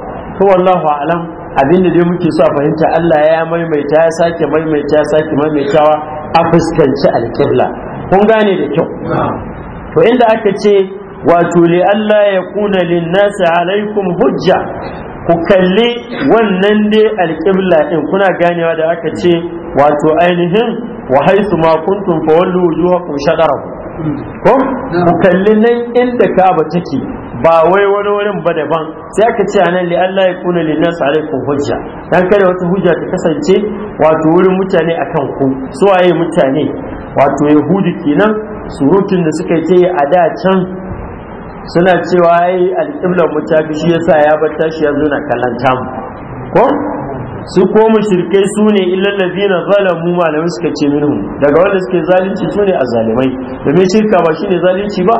to wallahu alam abin da dai muke so a fahimta Allah ya maimaita ya sake maimaita ya sake maimaitawa a fuskanci alƙibla kun gane da kyau to inda aka ce wato li Allah ya kuna lin nasi alaikum hujja ku kalli wannan dai alƙibla ɗin kuna ganewa da aka ce wato ainihin wa haisu ma kuntum fa wallu wujuhakum ko ku kalli nan inda Ka'aba take ba wai wani wurin ba daban sai aka ce anan li Allah ya kuna lin nas alaikum hujja dan kare wata hujja ta kasance wato wurin mutane akan ku suwaye mutane wato yahudi kenan surutun da suka yi a da can suna cewa yayi alƙiblar mu ta shi ya sa ya bar tashi ya zo na kallon mu ko su ko mushrikai su ne illal ladina zalamu malamai suka ce minhum daga wanda suke zalunci su ne azzalimai domin shirka ba shine zalunci ba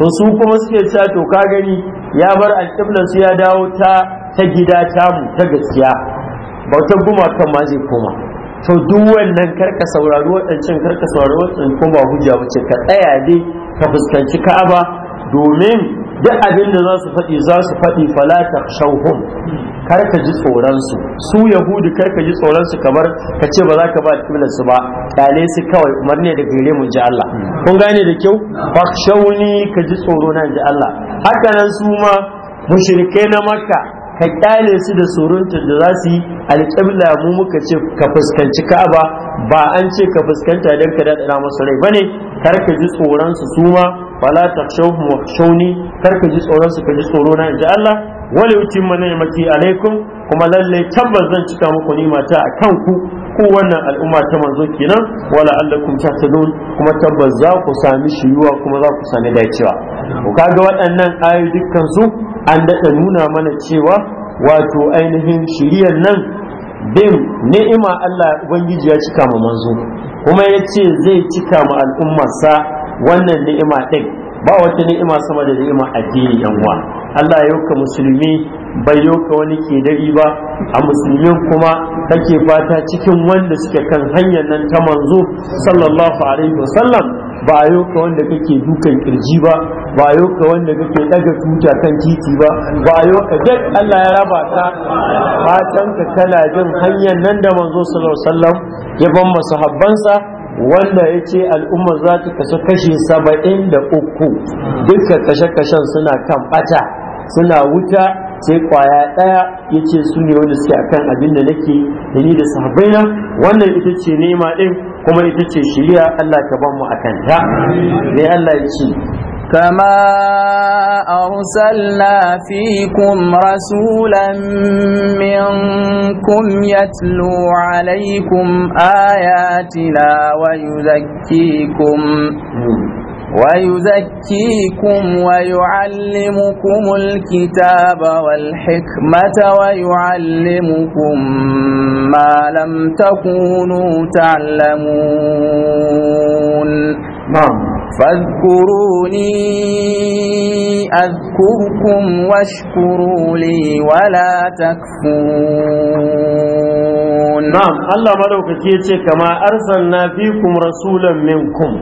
to su kuma suke sa to ka gani ya bar alƙiblar su ya dawo ta ta gida tamu ta gaskiya bautar gumakan ma zai koma to duk wannan karka saurari waɗancan karka saurari waɗancan kuma hujja wuce ka tsaya dai ka fuskanci ka'aba domin duk abin da za su faɗi za su faɗi fala shauhun kar ka ji tsoronsu su yahudi kar ka ji tsoronsu kamar ka ce ba za ka ba a su ba kyale su kawai umar ne da gare mu ji Allah kun gane da kyau shauni ka ji tsoro na ji Allah hakanan nan su ma mushrikai na makka ka kyale su da surunta da za su yi alƙibla mu muka ce ka fuskanci ka'aba ba an ce ka fuskanta don ka daɗa na masu rai bane kar ka ji tsoron su suma wala takshawhum shauni kar ka ji tsoron ka ji tsoro na inji Allah wala yutimma ni'mati alaikum kuma lalle tabbas zan cika muku mata a kan ku ku wannan al'umma ta manzo kenan wala allakum tahtadun kuma tabbas za ku sami shiyuwa kuma za ku sami dacewa ku kaga waɗannan ayoyi dukkan su an daɗa nuna mana cewa wato ainihin shiriyar nan bin ni'ima Allah ubangiji ya cika ma manzo kuma ya ce zai cika ma al'ummarsa wannan ni'ima ɗin ba wata ni'ima sama da ni'ima addini yan Allah ya yoka musulmi bai yoka wani ke dari ba a musulmin kuma kake fata cikin wanda suke kan hanyar nan ta manzo sallallahu alaihi wasallam ba a yoka wanda kake dukan kirji ba ba a yoka wanda kake daga tuta kan titi ba ba a yoka duk Allah ya raba ta fatan ka kana jin hanyar nan da manzo sallallahu alaihi wasallam ya ban masahabbansa wanda ya ce al'umma za ta kashe kashi saba'in da uku duka kashe-kashen suna kan bata suna wuta sai kwaya ɗaya ya ce su ne wanda suke akan abin da nake da ni da sahabbai na wannan ita ce nema ɗin kuma ita ce shirya Allah ka ban mu a ta. sai Allah ya ce كما أرسلنا فيكم رسولا منكم يتلو عليكم آياتنا ويزكيكم ويزكيكم ويعلمكم الكتاب والحكمة ويعلمكم ما لم تكونوا تعلمون نعم فاذكروني أذكركم واشكروا لي ولا تكفون نعم الله ملوك كيتي كما أرسلنا فيكم رسولا منكم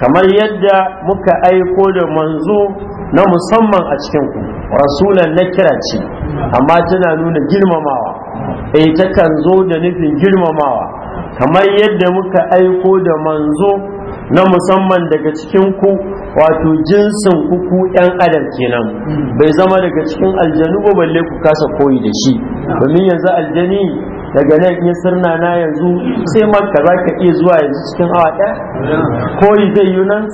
kamar yadda muka aiko da manzo na musamman a cikin ku rasulan na kira ce amma tana nuna girmamawa eh takan zo da nufin girmamawa kamar yadda muka aiko da manzo na musamman daga cikin ku wato jinsin kuku yan adam kenan bai zama daga cikin aljanu ba balle ku kasa koyi da shi domin yanzu aljani daga nan iya sirna na yanzu sai makka za ka iya zuwa yanzu cikin awa ɗaya koyi zai yi nan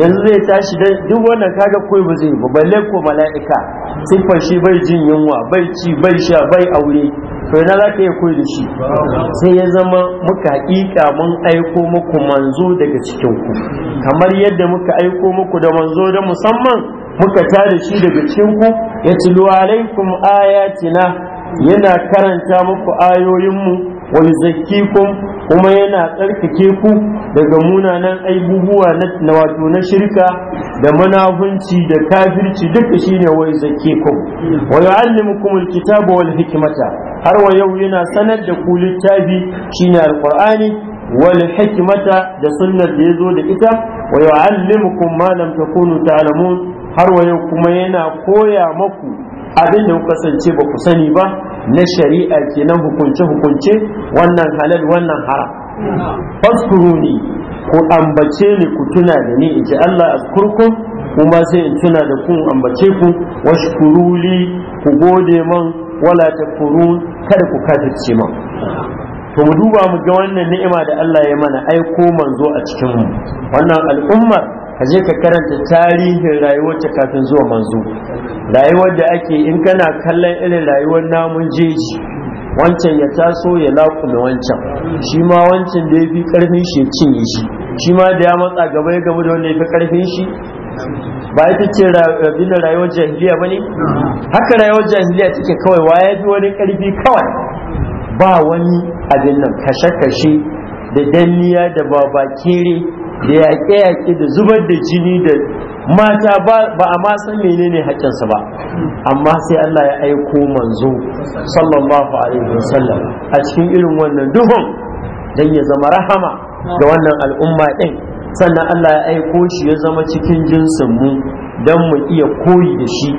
yanzu zai tashi da duk wannan kaga koyi ba zai ba balle ko mala'ika siffar shi bai jin yunwa bai ci bai sha bai aure to yana za ka iya koyi da shi sai ya zama muka hakika mun aiko muku manzo daga cikin ku kamar yadda muka aiko muku da manzo da musamman muka tare shi daga cikin ku ya tilu alaikum ayatina yana karanta muku ayoyinmu wa yuzakkikum kuma yana tsarkake ku daga munanan aibubuwa na wato na shirka da munafunci da kafirci duka shine wa yuzakkikum wa yu'allimukum alkitaba wal hikmata har wa yau yana sanar da ku littafi shine alqur'ani والحكمة da سنة ديزو لإتا ويعلمكم ما لم har wa yau kuma yana koya maku? abin da kasance ba ku sani ba na shari'a ke kenan hukunce hukunce wannan halal wannan haram ne ku ambace ni ku tuna da ni in ji Allah azkurkum kuma sai in tuna da ku ambace ku washkuruli ku gode man wala ta furu kada ku kafirce man to mu duba mu ga wannan ni'ima da Allah ya mana aiko manzo a cikin mu wannan al'ummar ka je ka karanta tarihin rayuwarta kafin zuwa manzo rayuwar da ake in kana kallon irin rayuwar namun jeji wancan ya taso ya laƙume wancan shi ma wancan da ya fi ƙarfin shi cinye shi shi ma da ya matsa gaba ya gaba da wanda ya fi ƙarfin shi ba ya fi ce rabin rayuwar jahiliya ba ne haka rayuwar jahiliya take kawai wa ya fi wani ƙarfi kawai ba wani abin nan kashe-kashe da danniya da babakere da yaƙe-yaƙe da zubar da jini da mata ba a ma san menene haƙƙinsa ba amma sai Allah ya aiko manzo sallallahu alaihi wasallam a cikin irin wannan duhun dan ya zama rahama ga wannan al'umma din sannan Allah ya aiko shi ya zama cikin jinsin mu dan mu iya koyi da shi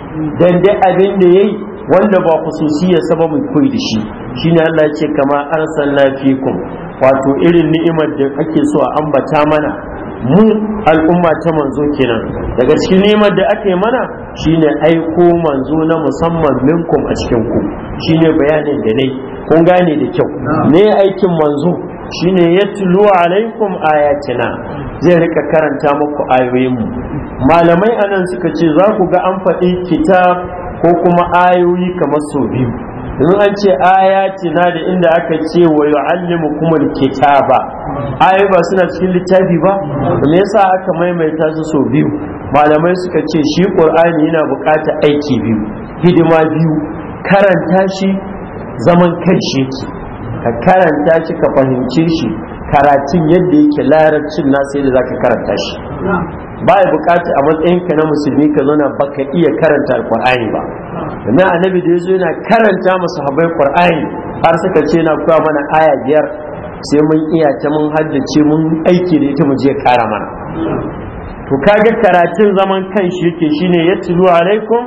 dan dai abin da yayi wanda ba khususiyarsa ba mu koyi da shi shine Allah ya ce kama arsalna fikum wato irin ni'imar da ake so a ambata mana mu al'umma ta manzo kenan daga cikin ni'imar da ake mana shine aiko manzo na musamman minkum a cikin ku shine bayanin da ne kun gane da kyau ne aikin manzo shine ya tulu alaikum ayatina zai rika karanta muku ayoyin mu malamai anan suka ce za ku ga an faɗi kitab ko kuma ayoyi kamar sau biyu in an ce na da inda aka ce wa yu'allimu kumul kitaba ayoyi ba suna cikin littafi ba me yasa aka maimaita su sau biyu malamai suka ce shi qur'ani yana buƙatar aiki biyu hidima biyu karanta shi zaman kanshi shi ka karanta shi ka fahimce shi karatun yadda yake larabcin sai yadda zaka karanta shi ba ya bukata a matsayin ka na musulmi ka zauna ba ka iya karanta alkur'ani ba na annabi da ya zo yana karanta masu habai qur'ani har suka ce na koya mana aya biyar sai mun iya ta mun haddace mun aiki da ita mu je kara mana to kaga karatun zaman kan shi yake shine yatlu alaikum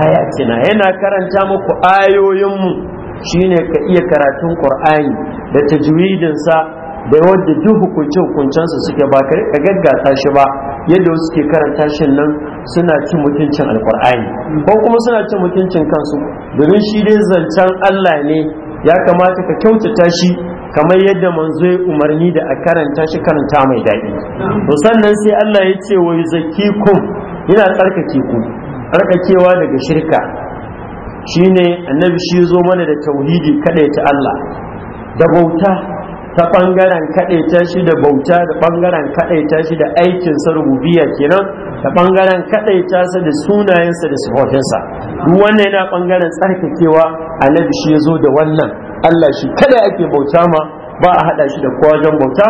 ayatina yana karanta muku ayoyin mu shine ka iya karatun qur'ani da tajwidin sa da wanda duk hukunce hukuncensu suke ba ka gaggata shi ba yadda wasu suke karanta shi nan suna cin mutuncin alkur'ani ko kuma suna cin mutuncin kansu domin shi dai zancen Allah ne ya kamata ka kyautata shi kamar yadda manzo ya umarni da a karanta shi karanta mai daɗi to sannan sai Allah ya ce wa yuzakkikum yana tsarkake ku tsarkakewa daga shirka shine annabi shi zo mana da tauhidi kaɗai ta Allah da bauta ta ɓangaren kaɗaita shi da bauta da ɓangaren kaɗaita shi da aikin rububiya kenan da ɓangaren kaɗaita sa da sunayensa da sifofinsa duk wannan yana ɓangaren tsarkakewa annabi shi ya zo da wannan Allah shi kada ake bauta ma ba a haɗa shi da kowa wajen bauta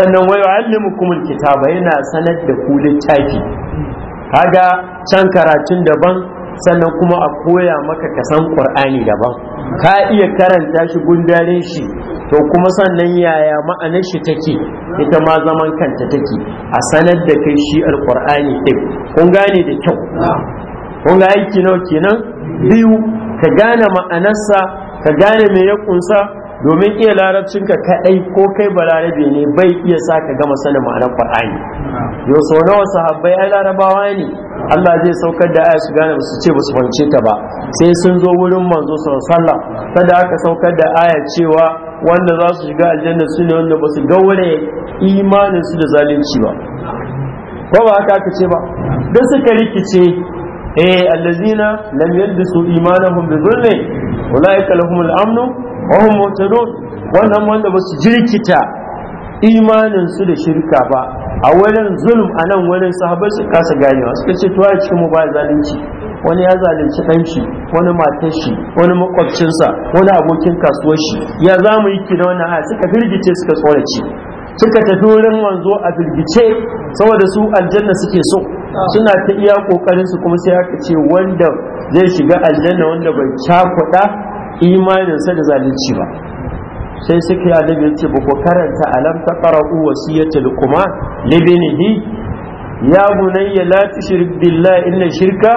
sannan wai yu'allimukum kitaba yana sanar da ku littafi kaga can karatun daban sannan kuma a koya maka kasan ƙur'ani daban ka iya karanta shi gundare shi to kuma sannan yaya ma'anar shi take ita ma zaman kanta take a sanar da kai shi alkur'ani ɗin kun gane da kyau kun ga aiki nawa kenan biyu ka gane ma'anarsa ka gane me ya kunsa domin iya larabcinka kaɗai ko kai balarabe ne bai iya sa ka gama sanin ma'anar qur'ani yau sau nawa sahabbai ai larabawa ne Allah zai saukar da aya su gane ba su ce ba su fahimce ta ba sai sun zo wurin manzo sallallahu alaihi wasallam kada aka saukar da aya cewa wanda za su shiga aljanna su ne wanda ba su gaure imanin da zalunci ba ko ba haka aka ce ba da suka rikice eh allazina lam imanin imanahum bi dhulmi ulaika lahumul amnu wa hum muhtadun wannan wanda ba su jirkita imaninsu da shirka ba a wurin zulm a nan wurin sahabai su kasa ganewa suka ce tuwa ya cikin mu ba zalunci wani ya zalunci ɗanshi, wani matar shi wani makwabcinsa wani abokin kasuwar shi ya za mu yi kina wannan aya suka firgice suka tsorace suka tafi wurin wanzo a firgice saboda su aljanna suke so suna ta iya kokarin su kuma sai aka ce wanda zai shiga aljanna wanda bai cakuɗa imaninsa da zalunci ba sai suka yi annabi ce ba ku karanta alam ta qara'u wasiyatul kuma libinihi ya bunayya lati tushrik billahi inna shirka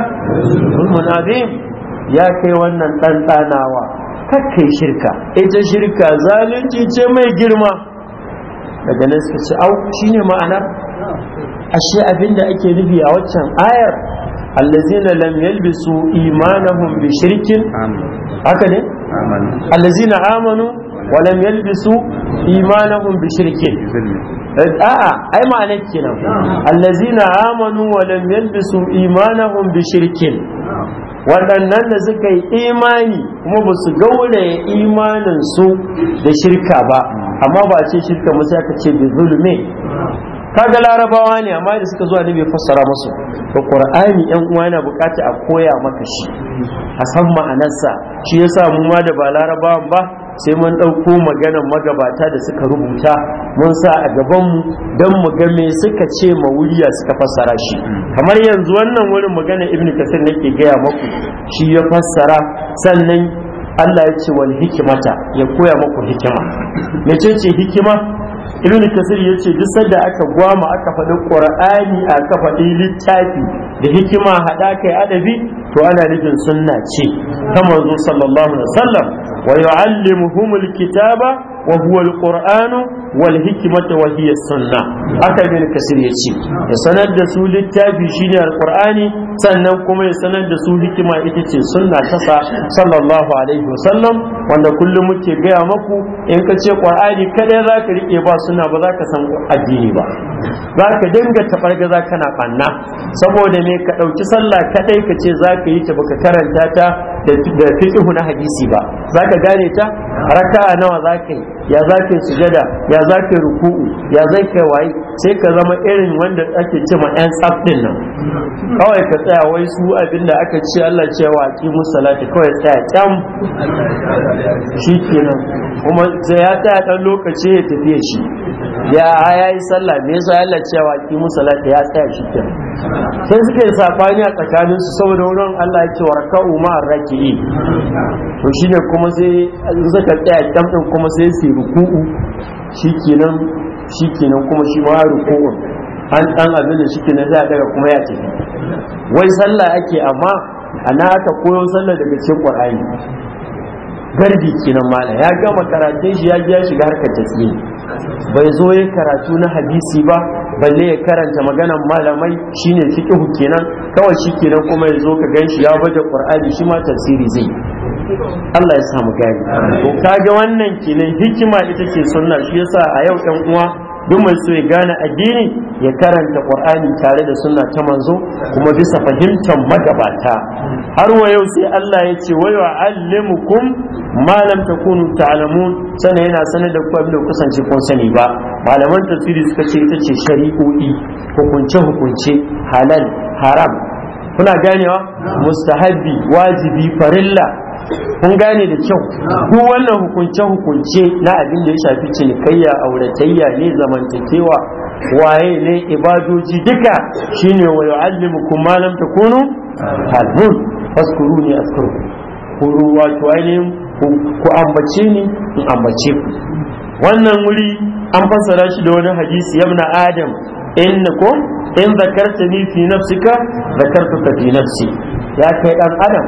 zulmun ya kai wannan ɗanɗanawa. danawa kakkai shirka ita shirka zalunci ce mai girma daga nan suka ce au ne ma'anar ashe abinda ake nufi a waccan ayar allazina lam yalbisu imanahum bi shirkin haka ne allazina amanu walam yalbisu imanahum bi shirkin eh, a'a ai ma'anar kenan allazina amanu walam yalbisu imanahum bi waɗannan da suka yi imani kuma ba su gauraya imanin su da shirka ba amma ba ce shirka musu aka ce bi zulmi kaga larabawa ne amma da suka zuwa ne bai fassara musu ba qur'ani yan uwa yana bukata a koya maka shi a san ma'anarsa shi yasa mu ma da ba larabawan ba sai mun ɗauko maganan magabata da suka rubuta mun sa a gabanmu don mu ga me suka ce ma wuriya suka fassara shi kamar yanzu wannan wurin magana ibnu kasir nake gaya maku shi ya fassara sannan Allah ya ce wal hikimata ya koya maku hikima Me ce ce hikima ibnu kasir ya ce duk sanda aka gwama aka faɗi qur'ani aka faɗi littafi da hikima haɗa kai adabi to ana nufin sunna ce kamar zo sallallahu alaihi wasallam ويعلمهم الكتاب وهو القرآن والحكمة وهي السنة أكا من كسر يتشي يسند دسو للتابي شيني القرآن كما يسند دسو حكمة إتشي سنة تسا صلى الله عليه وسلم وأن كل متي قيا مكو إن كتشي قرآن كده ذاك لإبا سنة بذاك سنو الديني با ذاك دنگ تفرق ذاك نقنا سبو دمي كتو تسلى كده كتشي ذاك يتبك كرن تاتا da fiqhu na hadisi ba Za ka gane ta raka'a nawa za ka yi ya ka yi sujada ya ka yi ruku'u ya zaka waye sai ka zama irin wanda ake ce ma yan tsafin nan kawai ka tsaya wai su abinda aka ce Allah cewa ki musalati kawai tsaya can shikenan kuma sai ya tsaya ɗan lokaci ya tafiye shi ya yi sallah me yasa Allah cewa ki musalati ya tsaya shikenan sai suka yi sabani a tsakaninsu saboda wurin Allah ya ce warka'u ma'arraki ake yi to shine kuma sai suka tsaya damɗin kuma sai su ruku'u shikenan shikenan kuma shi ma ruku'un an ɗan abin da shikenan za a daga kuma ya tafi wai sallah ake amma ana aka koyon sallah daga cikin qur'ani garbi kenan mala ya gama karatun shi ya ji ya shiga harkar tasiri bai zo ya karatu na hadisi ba balle ya karanta maganan malamai shine fiqh kenan kawai shi kenan kuma ya zo ka ganshi ya baje qur'ani shi ma tafsiri zai Allah ya samu gani to kaga wannan kenan hikima ita ce sunna shi yasa a yau ɗan uwa duk mai so ya gane addini ya karanta qur'ani tare da sunna ta manzo kuma bisa fahimtar magabata har wa yau sai Allah ya ce wa allimukum ma lam takunu ta'lamun sana yana sanar da ku abin kusance kun sani ba malaman tafsiri suka ce ita ce shari'o'i hukunce hukunce halal haram kuna ganewa mustahabbi wajibi farilla kun gane da kyau ko wannan hukunce hukunce na abin da ya shafi cinikayya auratayya ne zamantakewa waye ne ibadoji duka shine wa yu'allimukum ma lam takunu fasquruni askuru azkurku ruwa to ainihin ku ambace ni in ambace ku wannan wuri an fassara shi da wani hadisi Yamna adam innakum in zakartani fi nafsika zakartuka fi nafsi ya kai dan adam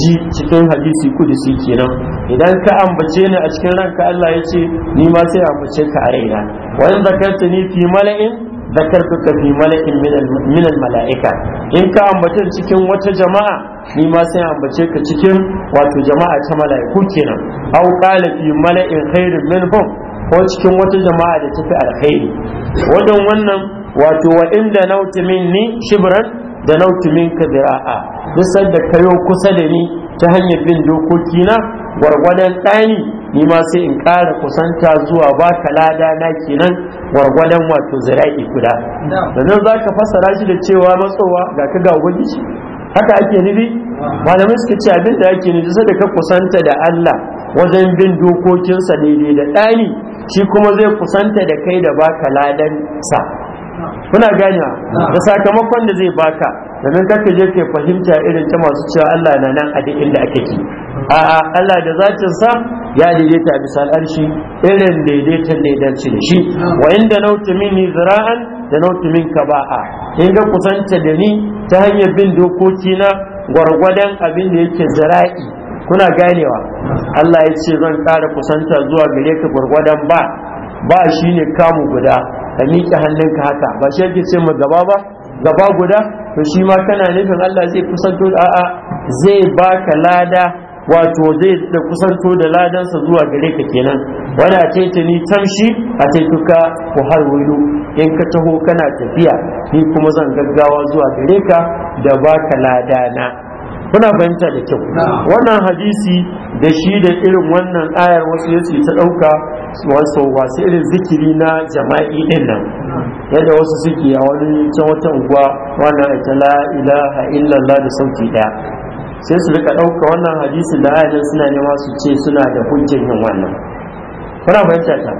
ji cikin hadisi kudisi kenan idan ka ambace ni a cikin ranka Allah ya ce ni ma sai ambace ka a raina wa in zakartani fi mala'in zakartuka fi mala'in min mala'ika in ka ambace cikin wata jama'a ni ma sai ambace ka cikin wato jama'a ta mala'iku kenan au qala fi mala'in khairin minhum ko cikin wata jama'a da tafi alkhairi wadan wannan wato wa inda nauti minni shibran da nauti minka dira'a duk sanda kayo kusa da ni ta hanyar bin dokoki na gwargwadon ɗani ni ma sai in kara kusanta zuwa baka lada na kenan gwargwadon wato zira'i guda sannan za ka fassara shi da cewa matsowa ga ka ga ubangiji haka ake nufi malamai suka ce abin da ake nufi sai da ka kusanta da Allah wajen bin dokokinsa daidai da ɗani shi kuma zai kusanta da kai da baka ladan sa kuna ganewa? da sakamakon da zai baka domin kake je ke fahimta irin ta masu cewa Allah na nan a duk inda ake ki a'a Allah da zatin sa ya daidaita a bisa al'arshi irin daidaitan da ya da shi wa inda nautu minni zira'an da nautu minka ba'a in ga kusanta da ni ta hanyar bin dokoki na gwargwadon abin da yake zira'i kuna ganewa Allah ya ce zan ƙara kusanta zuwa gare ka gwargwadon ba ba shine kamu guda ka miƙe hannunka haka ba shi yake ce gaba ba gaba guda to shi ma kana nufin Allah zai kusanto a'a zai baka lada wato zai da kusanto da ladansa zuwa gare ka kenan wani a taitani tamshi a taituka ku harwilu in ka taho kana tafiya ni kuma zan gaggawa zuwa gare ka da baka lada na. kuna fahimta da kyau wannan hadisi da shi da irin wannan ayar wasu yace ta ɗauka wasu wasu irin zikiri na jama'i din nan yadda wasu suke a wani can wata unguwa wannan ita la ilaha illallah da sauki daya sai su rika ɗauka wannan hadisin da ayyana suna nema su ce suna da hujjar yin wannan kuna fahimta ta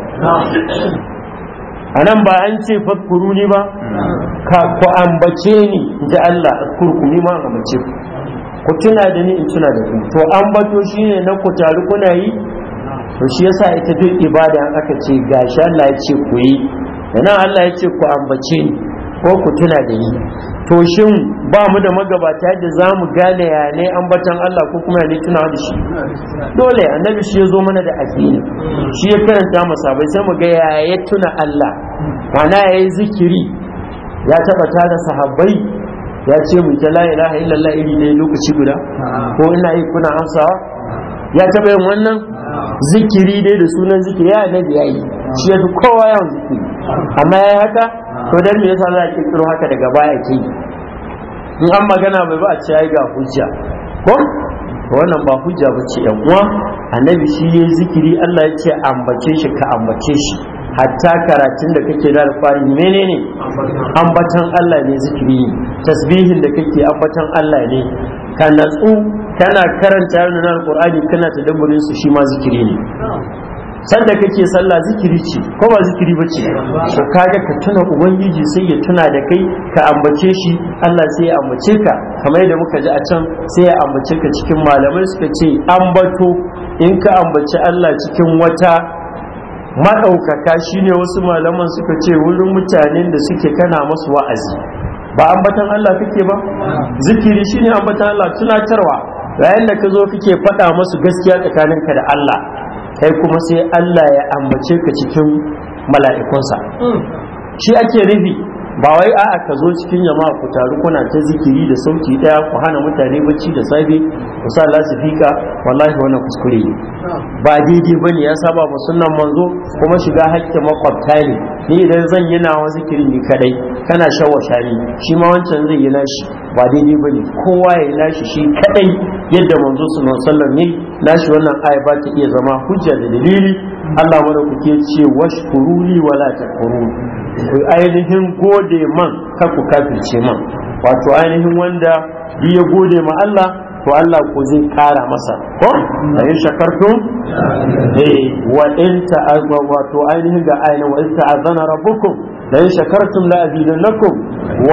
a nan ba an ce fakuru ne ba ka ku ambace ni ji Allah kurkumi ma ambace ku ku tuna da ni in tuna da ku to ambato shine na ku taru kuna yi to shi yasa ita duk ibada an aka ce gashi Allah ya ce ku yi yana Allah ya ce ku ambace ni ko ku tuna da ni to shin ba mu da magabata da za mu gane ya ne ambatan Allah ko kuma ya ne tuna da shi dole annabi shi ya zo mana da addini shi ya karanta masabai sai mu ga ya ya tuna Allah mana ya yi zikiri ya taba da sahabbai ya ce mu ta la ilaha illallah iri ne lokaci guda ko ina yi kuna amsawa ya taba yin wannan zikiri dai da sunan zikiri ya ya yayi shi yafi kowa yawan zikiri amma yi haka to dan me yasa za a kirkiro haka daga baya ke in an magana bai ba a ce ai ga hujja ko wannan ba hujja ba ce yan uwa annabi shi yayi zikiri Allah ya ce ambace shi ka ambace shi hatta karatun da kake na alfahari menene ambatan Allah ne zikiri tasbihin da kake ambatan Allah ne ka natsu kana karanta yaron alqur'ani kana ta tadabburin su shi ma zikiri ne sanda kake sallah zikiri ce ko ba zikiri ba ce to kaga ka tuna ubangiji sai ya tuna da kai ka ambace shi Allah sai ya ambace ka kamar yadda muka ji a can sai ya ambace ka cikin malamai suka ce ambato in ka ambaci Allah cikin wata maɗaukaka shine wasu malaman suka ce wurin mutanen da suke kana masu wa'azi ba ambatan Allah kake ba zikiri shine ambatan Allah tunatarwa yayin da ka zo kake faɗa musu gaskiya tsakaninka da Allah kai kuma sai Allah ya ambace ka cikin mala'ikunsa hmm. shi ake rufi. ba wai a'a ka zo cikin jama'a ku taru kuna ta zikiri da sauki daya ku hana mutane bacci da safe ku sa lasifika wallahi wannan kuskure ne ba daidai bane ya saba ba sunnan manzo kuma shiga hakkin makwabta ne ni idan zan yi nawa zikirin ni kadai kana shawasha shari shi ma wancan zai yi nashi ba daidai bane kowa ya yi nashi shi kadai yadda manzo sunan sallan ne nashi wannan aya ba ta iya zama hujja da dalili Allah ku kuke ce washkuruli wala takfurun ku ainihin gode man ka ku kafirce man wato ainihin wanda ya gode ma Allah to Allah ko zai kara masa ko a yi shakartu eh wa in azwa wato ainihin ga ainihin wa in azana rabbukum la in shakartum la azidannakum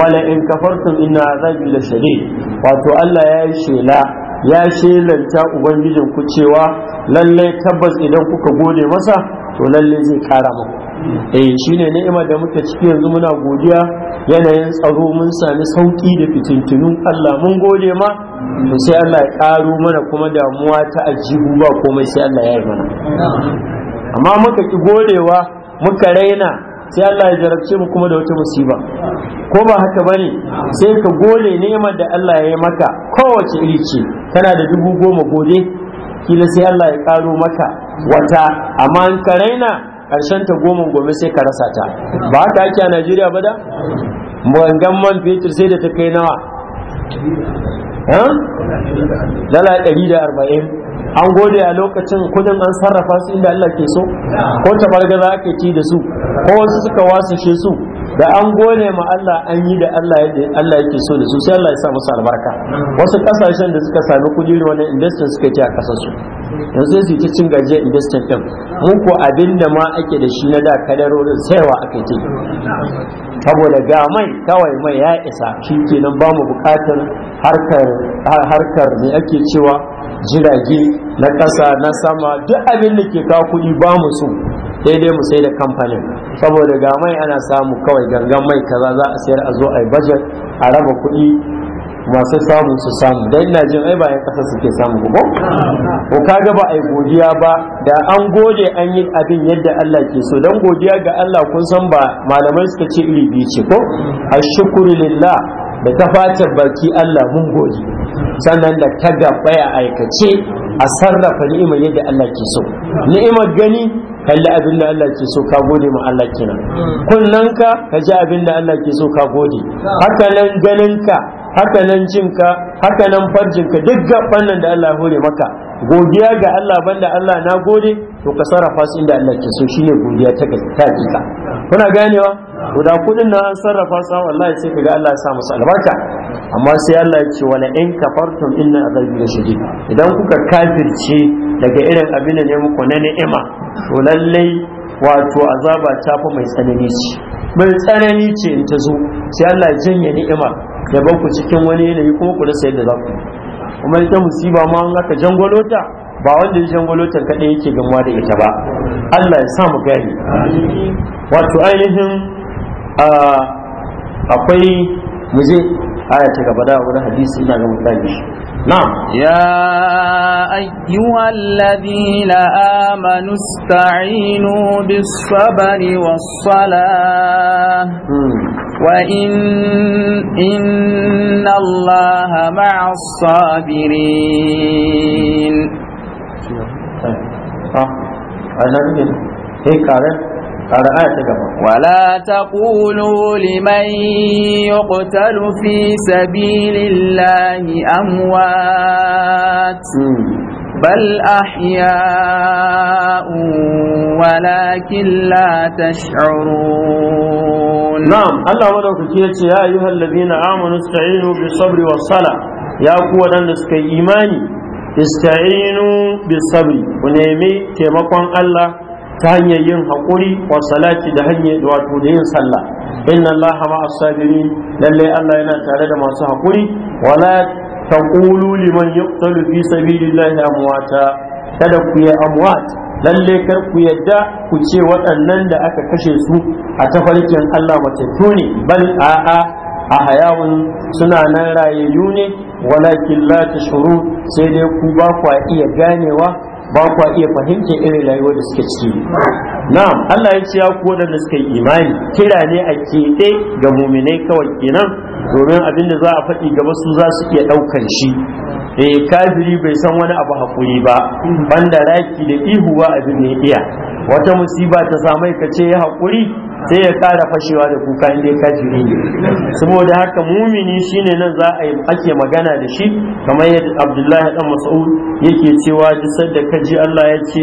wa la in kafartum inna azabi la shadid wato Allah ya yi shela ya shelanta ubangijin ku cewa lallai tabbas idan kuka gode masa to lallai zai kara muku eh shine ni'ima da muke ciki yanzu muna godiya yanayin tsaro mun sami sauki da fitintunun Allah mun gode ma to sai Allah ya karo mana kuma damuwa ta ajibu ba komai sai Allah ya yi mana amma muka ki godewa muka raina sai Allah ya jarabce mu kuma da wata musiba ko ba haka bane sai ka gole neman da Allah ya yi maka kowace iri ce kana da dubu goma gode kila sai Allah ya karo maka wata amma in ka raina karshen ta goma gobe sai ka rasa ta ba haka ake a Najeriya ba da bangan man fetur sai da ta kai nawa dala ɗari da arba'in an gode a lokacin kudin an sarrafa su inda Allah ke so ko tabargaza ake ci da su ko wasu suka wasashe su da an gode ma Allah an yi da Allah Allah yake so da su sai Allah ya sa musu albarka wasu kasashen da suka sami kudi ne wannan industry suka ci a kasar su yanzu sai ta cin gajiyar industry din mun ko abin da ma ake da shi na da kadarorin saiwa ake ce saboda ga mai kawai mai ya isa shi kenan ba mu bukatar harkar harkar ne ake cewa jirage na ƙasa na sama duk abin da ke ka kuɗi ba mu so daidai mu sai da kamfanin saboda ga mai ana samu kawai gangan mai kaza za a sayar a zo a yi bajet a raba kuɗi masu samu su samu Da ina jin ai bayan ƙasa suke samu ko ko kaga ba a yi godiya ba da an gode an yi abin yadda Allah ke so dan godiya ga Allah kun san ba malamai suka ce iri biyu ce ko ashkuru lillah da ta fata baki Allah mun gode sannan da ta gaba a aikace a sarrafa ni'imar yadda Allah ke so ni'imar gani kalli abin da Allah ke so ka gode ma Allah kenan kunnan ka ka ji abin da Allah ke so ka gode haka nan ganin ka haka nan jin ka haka nan farjin ka duk gaban da Allah hore maka godiya ga Allah banda Allah na gode to ka sarrafa su inda Allah ke so shine godiya ta ta kuna ganewa guda kudin na an sarrafa su wallahi sai ga Allah ya sa musu albarka amma sai Allah ya ce wala in kafartum inna azabi lashadid idan kuka kafirce daga irin abin da ne muku na ni'ima to lallai wato azaba ta fa mai tsanani ce mai tsanani ce in ta zo sai Allah ya janye ni'ima ya bar ku cikin wani yanayi kuma ku rasa yadda za ku kuma ita musiba ma an aka jangwalo ta ba wanda ya shangolotar kaɗai yake gamuwa da ita ba Allah ya sa mu gani wato ainihin akwai muje aya ta gaba da wani hadisi ina ga mutane shi نعم يا أيها الذين آمنوا استعينوا بالصبر والصلاة وإن إن الله مع sabirin. ha anan ne sai karar ولا تقولوا لمن يقتل في سبيل الله أموات بل أحياء ولكن لا تشعرون نعم الله ولو كتيرت يا أيها الذين آمنوا استعينوا بالصبر والصلاة يا قوة أن إيماني ista'inu bisabri ku nemi taimakon Allah ta hanyar yin haƙuri wa salati da hanyar wato da yin sallah inna Allah ma'a asabiri lalle Allah yana tare da masu haƙuri wala taqulu liman yuqtalu fi sabilillahi amwata kada ku yi amwat lalle kar ku yadda ku ce waɗannan da aka kashe su a tafarkin Allah to ne bal a'a a hayawun suna nan rayayyu ne walakin la tashuru sai dai ku ba ku iya ganewa ba ku iya fahimta irin rayuwar da suke ciki na'am Allah ya ce ya ku wadanda suka yi imani kira ne a keɗe ga muminai kawai kenan domin abin da za a faɗi gaba su za su iya ɗaukan shi eh kafiri bai san wani abu hakuri ba banda raki da ihuwa a abin ne iya wata musiba ta samai ka ce ya hakuri? sai ya kara fashewa da kuka inda ya kaji ne saboda haka mumini shine nan za a yi ake magana da shi kamar yadda abdullahi dan mas'ud yake cewa duk sanda ka Allah ya ce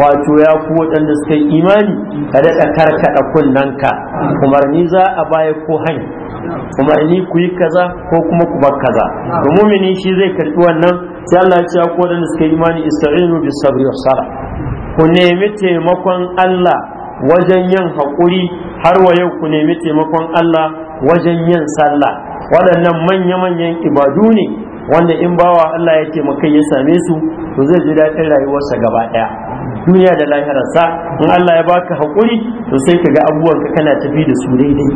wato ya ku waɗanda suka yi imani ka daɗa karkaɗa kunnanka umarni za a baya ko Kuma umarni ku yi kaza ko kuma ku bar kaza to mumini shi zai karɓi wannan sai Allah ya ce ku waɗanda suka yi imani ista'inu bis sabri was sala ku nemi taimakon Allah wajen yin haƙuri har wa yau ku nemi taimakon Allah wajen yin sallah waɗannan manya-manyan ibadu ne wanda in bawa Allah ya taimaka ya same su to zai ji daɗin rayuwarsa gaba ɗaya duniya da lahirarsa in Allah ya baka haƙuri to sai ka ga ka kana tafi da su daidai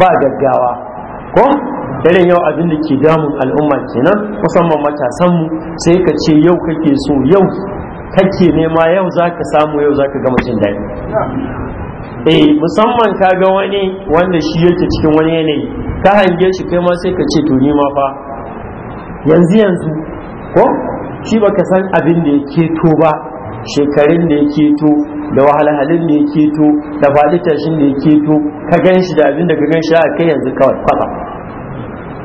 ba gaggawa ko irin yau abin da ke damun al'umma kenan musamman matasanmu sai ka ce yau kake so yau kake nema yau za ka samu yau za ka gama jin daɗi eh musamman ka ga wani wanda shi yake cikin wani yanayi ka hange shi kai ma sai ka ce to nima fa yanzu yanzu ko shi baka san abin da yake to ba shekarun da yake to da wahalhalun da yake to da faɗi da yake to ka gan shi da abin da ka gan shi a kai yanzu kawai kwata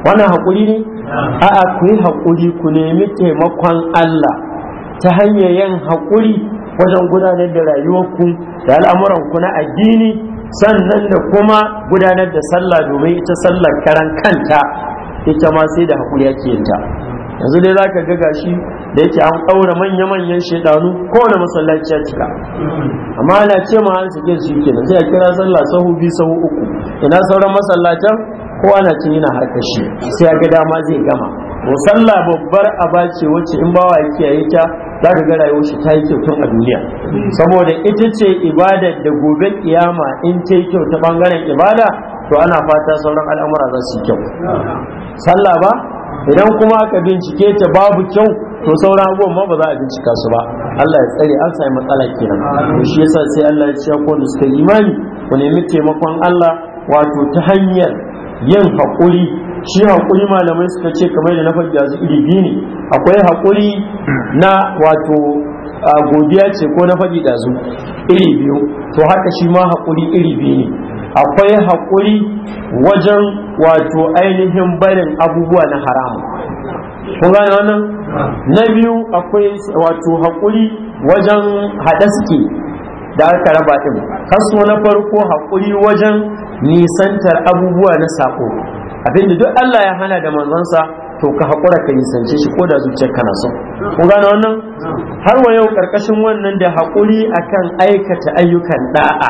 wannan haƙuri ne a'a ku yi haƙuri ku nemi taimakon Allah ta hanyar yin haƙuri wajen gudanar da rayuwarku da al'amuranku na addini sannan da kuma gudanar da sallah domin ita sallar karan kanta ita ma sai da haƙuri ake yinta yanzu dai zaka ga gashi da yake an ɗaura manya-manyan shaidanu kowane masallaci ya cika amma ana ce ma an sake su kenan sai a kira sallah sahu biyu sahu uku ina sauran masallacin kowa na cin yana harkar shi sai ya ga dama zai gama musalla babbar aba ce wacce in bawa ya kiyaye ta za ka ga yau shi ta yi kyau a duniya saboda ita ce ibada da gobe kiyama in ta yi kyau ta bangaren ibada to ana fata sauran al'amura za su yi kyau sallah ba idan kuma aka bincike ta babu kyau to sauran abubuwan ma ba za a bincika su ba Allah ya tsare an sami matsala kenan to shi yasa sai Allah ya ce ko da suka imani ku nemi taimakon Allah wato ta hanyar yin haƙuri shi haƙuri malamai suka ce kamar da na faɗi su iri biyu ne akwai haƙuri na wato godiya ce ko na faɗi dazu iri biyu to haka shi ma haƙuri iri biyu ne akwai haƙuri wajen wato ainihin barin abubuwa na haramu kun gane wannan na biyu akwai wato haƙuri wajen haɗaske da aka raba ɗin kaso na farko haƙuri wajen nisantar abubuwa na sako abinda duk Allah ya hana da manzansa to ka haƙura ka nisance shi ko da zuciyar kana so ku gane wannan har wa yau ƙarƙashin wannan da haƙuri akan aikata ayyukan da'a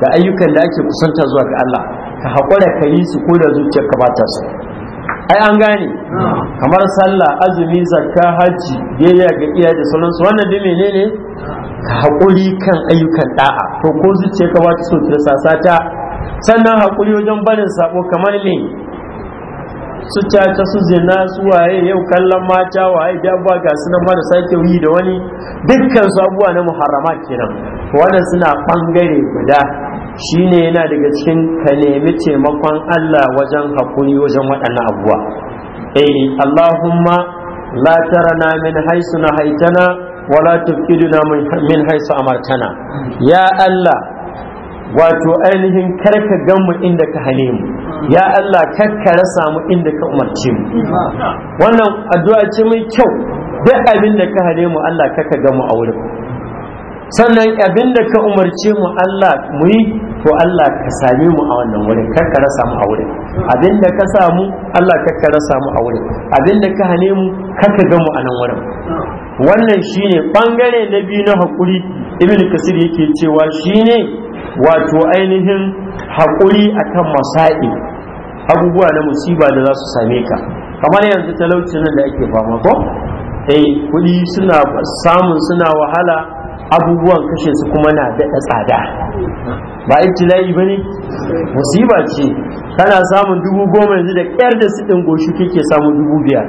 da ayyukan da ake kusanta zuwa ga Allah ka haƙura ka yi su ko da zuciyar ka ba ta so ai an gane kamar sallah azumi zakka hajji biyayya ga iya da sauransu wannan dai menene ka haƙuri kan ayyukan da'a to ko zuciyar ka ba so ta sasata sannan haƙuri wajen barin sabo kamar ne su caca su zina su waye yau kallon mata waye dabba ga suna mara sake wuyi da wani dukkan su abubuwa na muharrama kenan wannan suna bangare guda shine yana daga cikin ka nemi taimakon Allah wajen haƙuri wajen waɗannan abubuwa eh Allahumma la tarana min haisu na haitana wala tufkiduna min haisu amartana ya Allah wato ainihin karka gan mu inda ka hane mu ya Allah karka rasa mu inda ka umarce mu wannan addu'a ce mai kyau duk abin da ka hane mu Allah karka gan mu a wurin sannan abin da ka umarce mu Allah mu yi to Allah ka same mu a wannan wurin karka rasa mu a wurin abin da ka samu Allah karka rasa mu a wurin abin da ka hane mu karka gan mu a nan wurin wannan shine bangare na biyu na hakuri ibn kasir yake cewa shine wato ainihin haƙuri kan masa'i abubuwa na musiba da za su same ka kamar yanzu talaucin nan da ake fama ko eh kuɗi suna samun suna wahala abubuwan kashe su kuma na daɗa tsada ba ibtila'i ba ne musiba ce kana samun dubu goma yanzu da ƙyar da su ɗin goshi kake samun dubu biyar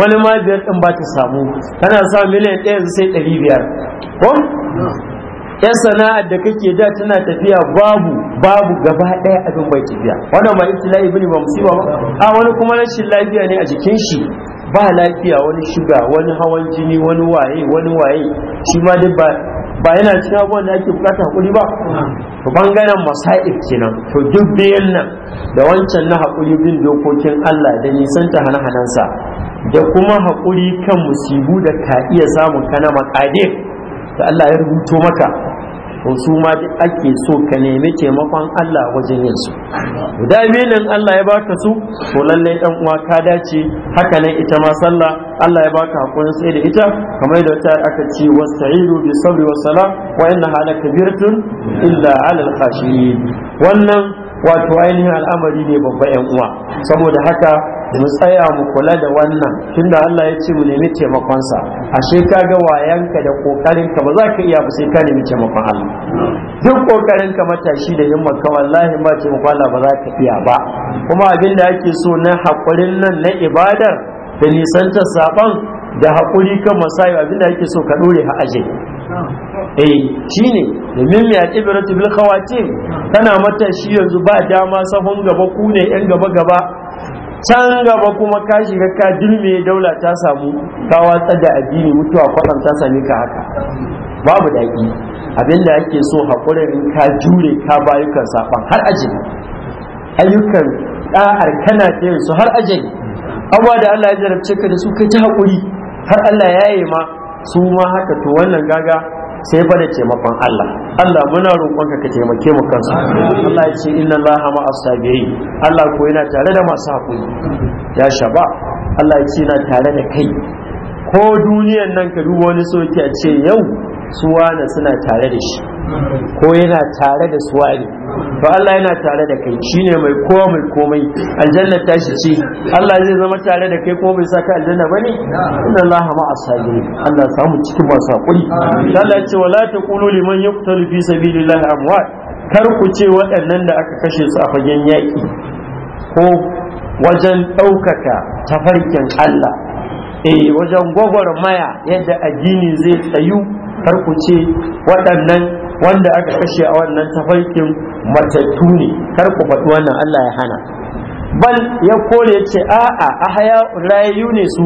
wani ma biyar ɗin ba ta samu kana samun miliyan ɗaya yanzu sai ɗari biyar ko yan sana'ar da kake da tana tafiya babu babu gaba ɗaya abin bai tafiya wannan ba ibtila bane ba musiba ba a wani kuma rashin lafiya ne a jikin shi ba lafiya wani shuga wani hawan jini wani waye wani waye shi ma duk ba ba yana cikin abubuwan da ake bukata hakuri ba to bangaren masa'ib kenan to duk biyan nan da wancan na hakuri bin dokokin Allah da nisan ta hana-hanansa da kuma hakuri kan musibu da ka iya samun kana makadir da Allah ya rubuto maka to su ma duk ake so ka nemi taimakon Allah wajen yin su guda nan Allah ya baka su to lalle dan uwa ka dace haka nan ita ma sallah Allah ya baka hakurin sai da ita kamar da wata aka ce wasta'inu bi sabri wa sala wa hala kabiratun illa 'ala al-khashiyin wannan wato ainihin al'amari ne babba yan uwa saboda haka mu tsaya mu kula da wannan tunda Allah ya ce mu nemi taimakonsa ashe ka ga wayanka da ka ba za ka iya ba sai ka nemi taimakon Allah duk ka matashi da himma ka wallahi ba taimakon Allah ba za ka iya ba kuma abin da ake so na hakurin nan na ibadar da nisantar saban da hakuri kan masayi abin da ake so ka dore ha aje eh shine domin mai atibratu bil khawatim kana matashi yanzu ba dama sahun gaba ku ne yan gaba gaba can gaba kuma ka shiga ka dirme daula ta samu ka watsa da addini mutuwa kwatsam ta same ka haka babu daɗi abinda ake so haƙurin ka jure ka bayukan saɓan har ajin ayyukan ɗa'ar kana ta yin su har ajin abuwa da Allah ya jarabce ka da su kai ta hakuri har Allah ya yi ma su ma haka to wannan gaga sai fa da taimakon Allah Allah muna roƙonka ka taimake mu kansu Allah ya ce inna Allaha ma'as sabirin Allah ko yana tare da masu haƙuri ya shaba Allah ya ce yana tare da kai ko duniyan nan ka duba wani soki a ce yau su wane suna tare da shi ko yana tare da suwari to Allah yana tare da kai shine mai kowa mai komai aljanna ta shi ce Allah zai zama tare da kai ko bai saka aljanna bane inna Allah ma asali Allah samu cikin masu hakuri Allah ya ce wala taqulu liman yuqtalu fi sabilillahi amwat kar ku ce waɗannan da aka kashe su a fagen yaƙi ko wajen ɗaukaka tafarkin Allah eh wajen gwagwarmaya yadda addini zai tsayu kar ku ce waɗannan wanda aka kashe a wannan tafarkin matattu ne kar ku faɗi wannan Allah ya hana bal ya kore ya ce a'a a haya rayu ne su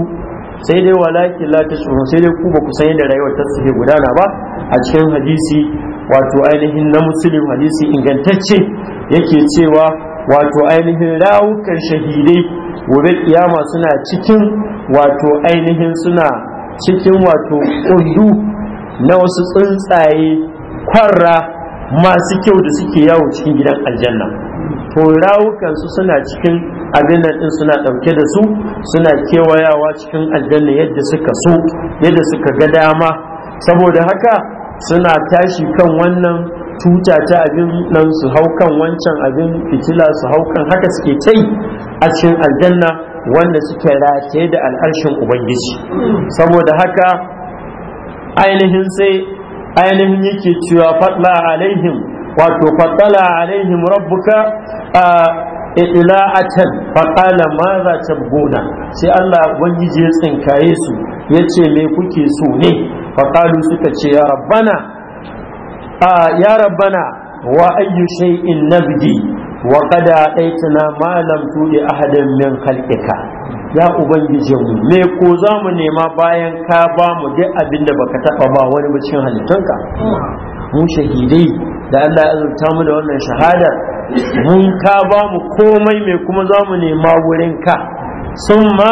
sai dai walaki la tashurun sai dai ku ba ku san yadda rayuwar ta suke gudana ba a cikin hadisi wato ainihin na musulun hadisi ingantacce yake cewa wato ainihin rawukan shahidai gobe kiyama suna cikin wato ainihin suna cikin wato ƙundu na wasu tsuntsaye kwarra masu kyau da suke yawo cikin gidan aljanna to rawukansu suna cikin abin din suna ɗauke da su suna kewayawa cikin aljanna yadda suka so yadda suka ga dama saboda haka suna tashi kan wannan tuta ta abin nan su hau kan wancan abin fitila su hau kan haka suke tai a cikin aljanna wanda suke rataye da al'arshin ubangiji saboda haka ainihin sai ainihin yake cewa fatla alaihim wato fatala alaihim rabbuka a ila'atan faƙala ma za ta gona sai Allah ubangiji ya tsinkaye su yace ce me kuke so ne faƙalu suka ce ya rabbana ya rabbana wa ayyu shay'in nabdi wa qad aitana ma lam tudi ahadan min khalqika ya ubangijinmu me ko za mu nema bayan ka ba mu duk abin da baka taba ba wani cikin halittunka mu shahidai da Allah ya azurta mu da wannan shahada mun ka ba mu komai me kuma za mu nema wurin ka sun ma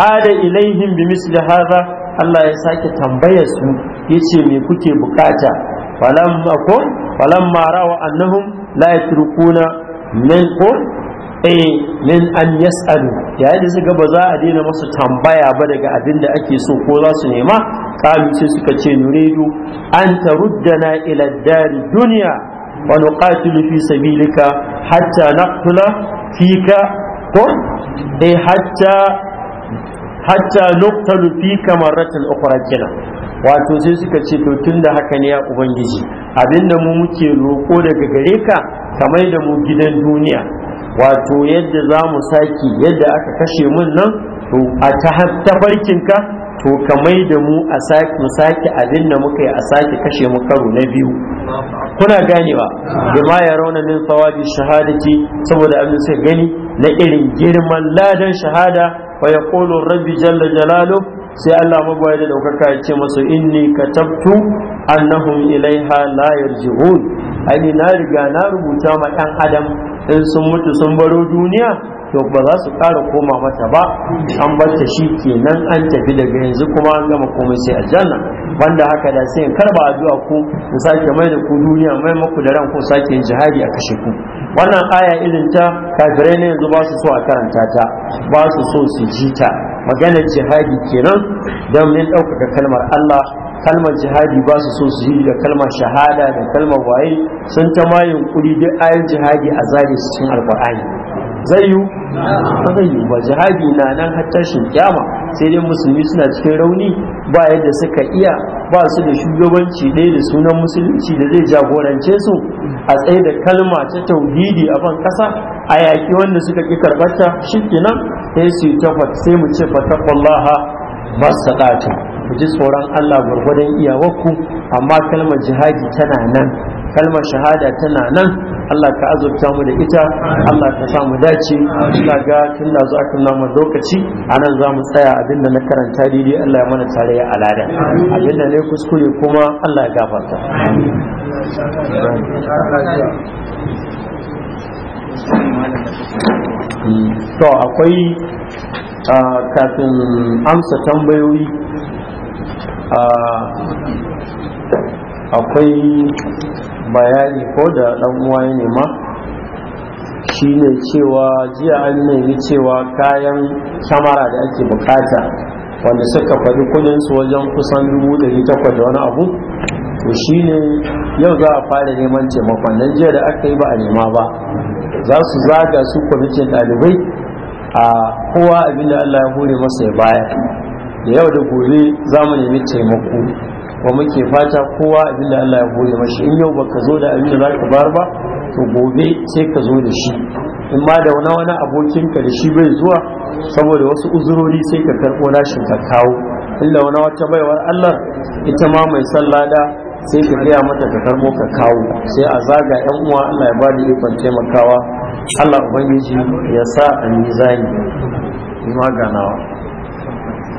ada ilaihim bi misli hadha Allah ya sake tambaya su yace me kuke bukata falam akon falam marawa annahum la yatrukuna min eh min an yas'alu yayin da suka ba za a daina masu tambaya ba daga abin da ake so ko za su nema kalu sai suka ce nuridu an taruddana ila dari duniya wa nuqatilu fi sabilika hatta naqtula fika ko dai eh, hatta hatta nuqtalu fika marratan ukhra wato sai suka ce to tunda haka ne ya ubangiji abinda mu muke roko daga gare ka kamar da mu gidan duniya wato yadda za mu saki yadda aka kashe mun nan to a ta to ka mai da mu a saki mu saki abin da muka yi a saki kashe mu karo na biyu kuna ganewa bima ya rauna min sawabi shahadati saboda abin sai gani na irin girman ladan shahada wa yaqulu rabbi jalla jalalu sai Allah magwaya da daukaka ya ce masu inni katabtu annahum ilaiha la yarji'un ani na riga na rubuta ma ɗan adam in sun mutu sun baro duniya to ba za su ƙara koma mata ba an barta shi kenan an tafi daga yanzu kuma an gama komai sai aljanna banda haka da sai in karba addu'a ku in sake mai da ku duniya mai maku da ran ku sake yin jihadi a kashe ku wannan aya irin ta kafirai ne yanzu ba su so a karanta ta ba su so su ji ta maganar jihadi kenan don min ɗaukaka kalmar Allah kalmar jihadi ba su so su yi da kalmar shahada da kalmar waye sun ta ma yunkuri duk ayar jihadi a zari su cikin alƙur'ani zai yi ba jihadi na nan har tashin kyama sai dai musulmi suna cikin rauni ba yadda suka iya ba su da shugabanci ɗaya da sunan musulunci da zai jagorance su a tsaye da kalma ta tauhidi a ban ƙasa a yaƙi wanda suka ƙi karɓarta shi kenan sai su sai mu ce ba saɗata ku ji tsoron Allah gwargwadon iyawarku amma kalmar jihadi tana nan kalmar shahada tana nan Allah ka azurta mu da ita Allah ka sa mu dace ina ga tun da zuwa kan namu lokaci anan za mu tsaya abinda na karanta didi Allah ya mana tare ya alada abinda ne kuskure kuma Allah ya gafarta to akwai kafin amsa tambayoyi akwai bayani ko da ɗan uwa ya nema shine cewa jiya an nemi cewa kayan kyamara da ake bukata wanda suka faɗi su wajen kusan dubu da takwas da wani abu to shine yau za a fara neman taimakon nan jiya da aka yi ba a nema ba za su zaga su kwamitin ɗalibai a kowa abinda Allah ya hore masa ya baya da yau da gobe za mu nemi taimako wa muke fata kowa abin da Allah ya goye mashi in yau baka zo da abin da za ka bar ba to gobe sai ka zo da shi in ma da wani wani abokinka da shi bai zuwa saboda wasu uzurori sai ka karɓo nashin ka kawo illa wani wata baiwar Allah ita ma mai sallada sai ka gaya mata ka karɓo ka kawo sai a zaga yan uwa Allah ya ba da ikon taimakawa Allah ubangiji ya sa a mizani ma ganawa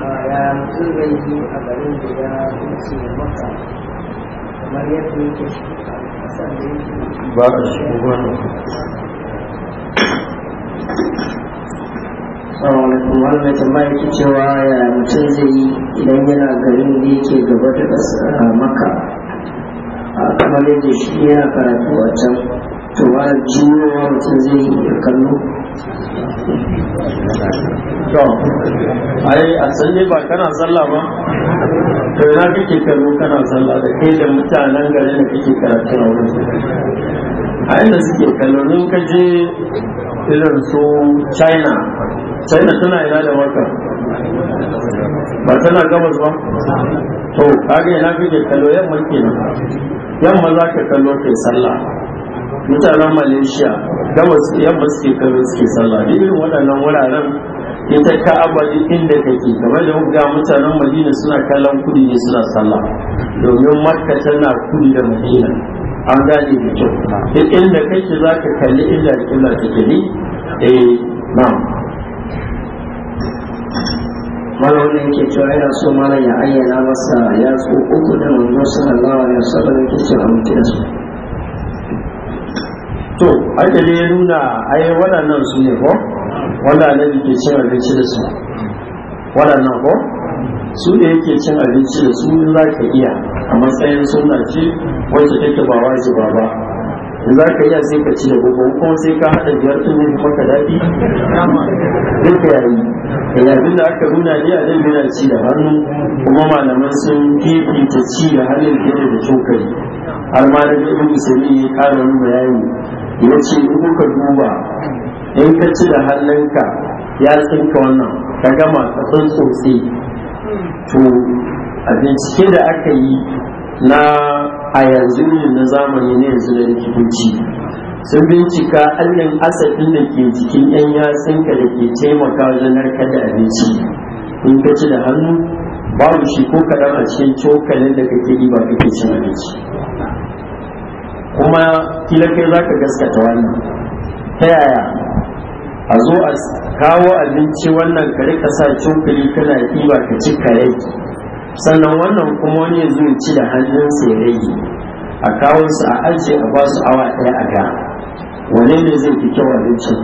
ya mutum zai yi a garin da ya wuce maka kamar yadda yake shi a ƙasar da yake ba a shi ba Assalamu alaikum wannan tambaya ke cewa ya mutum zai yi idan yana garin da yake gaba da ƙasar maka kamar yadda shi yana karatu a can to ba juyowa mutum zai yi kallo to ai a sanye ba kana sallah ba to na kake kallo kana sallah da kai da mutanen gari da kake karatu na wurin a inda suke kallo in ka je irin su china china tana ina da waka ba tana gabas ba to kaga ina kake kallo yamma kenan yamma za ka kallo ke sallah mutanen malaysia gabas yamma suke kano suke sallah da irin waɗannan wuraren ita ka'aba inda kake game da ga mutanen madina suna kallon kudi ne suna sallah domin makka tana kudi da madina an gane da kyau duk inda kake za ka kalli inda kila take ne eh na'am malam wannan ke cewa yana so malam ya ayyana masa ya tso uku da manzo sallallahu alaihi wasallam yake cewa mutum da su to haka ne ya nuna ai waɗannan su ne ko wanda da ke cin abinci da su waɗannan ko su ne yake cin abinci da su in za ka iya a matsayin suna ce wacce take ba waje ba ba. in za ka iya sai ka ci da gugu ko sai ka haɗa biyar ne kuma ka daɗi duk yayi da eh, abin da aka nuna ne a nan yana ci da hannu kuma malaman sun fifita ci da hannun fiye da cokali har ma da ibn musulmi ya ƙara wani yayi ya ce in kuka duba in ka ci da hannunka ya tsinka wannan ka gama ka san sosai to a bincike da aka yi na a yanzu na zamani ne yanzu na likitoci sun bincika allin asafin da ke jikin yan yatsunka da ke taimaka wajen narkar da abinci in ka ci da hannu babu shi ko kaɗan a cikin cokalin da kake ba kake cin abinci kuma kila kai za ka gaskata wannan ta yaya a zo a kawo abinci wannan ka rika sa cokali kana ɗiba ka ci ka sannan wannan kuma wani zuwa ci da hannunsa ya rage a kawo su a ajiye a ba su awa ɗaya a ga wane ne zai fi kyau abincin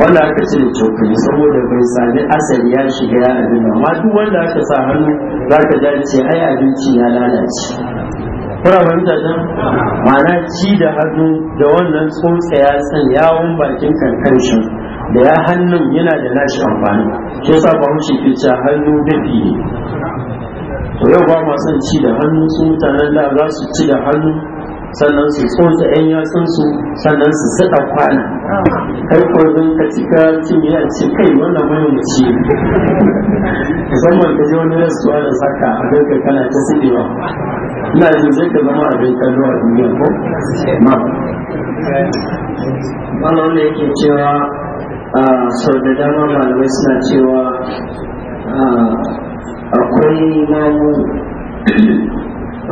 wanda aka ci da cokali saboda bai sami asali ya shiga ya abin amma duk wanda aka sa hannu za ka dace ai abinci ya lalace kuna fahimta ta ma'ana ci da hannu da wannan tsotsa ya san yawon bakin kankan shi da ya hannun yana da nashi amfani ke sa ba mace ke hannu da fiye. to yau ba ma son ci da hannu su mutanen da za su ci da hannu sannan su tsotsa yan yatsun su sannan su sada kwana kai ko ka cika cinye a ce kai wannan mai mace musamman ka je wani rasuwa da saka a ganka kana ta ba. ina yi zai ka zama abin kallo a duniya ko ma wannan wanda yake cewa sau da dama malamai suna cewa akwai namu.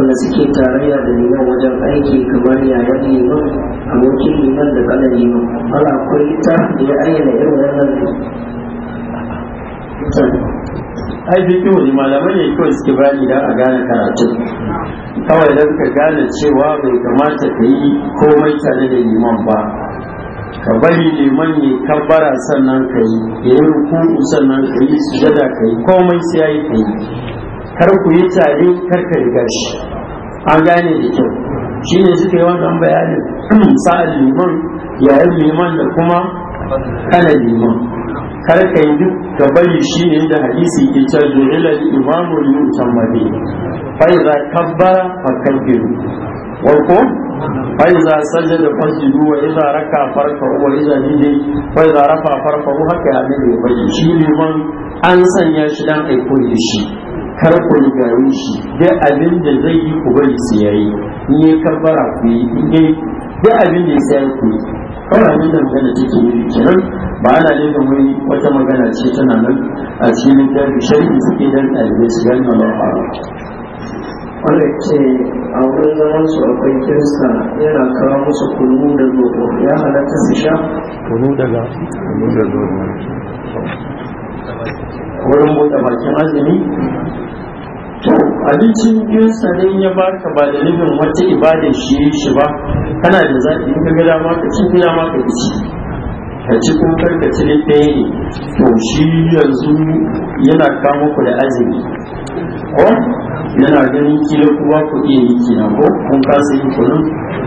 wanda suke tarayya da liman wajen aiki kamar yayan liman abokin liman da ƙanan liman wala akwai ita da ya ayyana irin wannan ai bi kiwo ne malamai ne kawai suke bani da a gane karatu kawai don ka gane cewa bai kamata ka yi komai tare da liman ba ka bari liman ne kabbara sannan ka yi ya yi ruku sannan ka yi sujada ka yi komai sai ya yi ka yi kar ku yi tare kar ka shi an gane da kyau shi ne suka yi wannan bayanin sa'ad liman yayin liman da kuma kana liman kar ka yi duk ka bari shi ne da hadisi ke cewa ju'ila imamu li yutamma bi fa idza kabbara fakabbiru wa qum fa idza da fasjudu wa idza raka farka'u wa idza nidi fa idza rafa farka'u haka ya ne bari shi ne man an sanya shi dan aiko da shi kar ku rigaye shi duk abin da zai yi ku bari su yayi in ya kabbara ku yi in duk abin da ya sayar ku kawai abin da magana take yi kenan ba ana da wani wata magana ce tana nan a cikin darbi shari'i suke dan ɗalibai su gani na faru wanda ce a wurin zaman su akwai kirista yana kawo musu kunu da zobo ya halatta su sha kunu daga kunu da zobo wurin bude bakin azumi abincin jinsa ne ya baka ba da nufin wata ibadar shi shi ba kana da zaɓi in ka gada dama ka ci kuna ma ka ci ka ci ka ci ɗaya ne to shi yanzu yana kama ku da azumi ko yana ganin kila kuma ku iya yi kina ko kun kasa yin kunun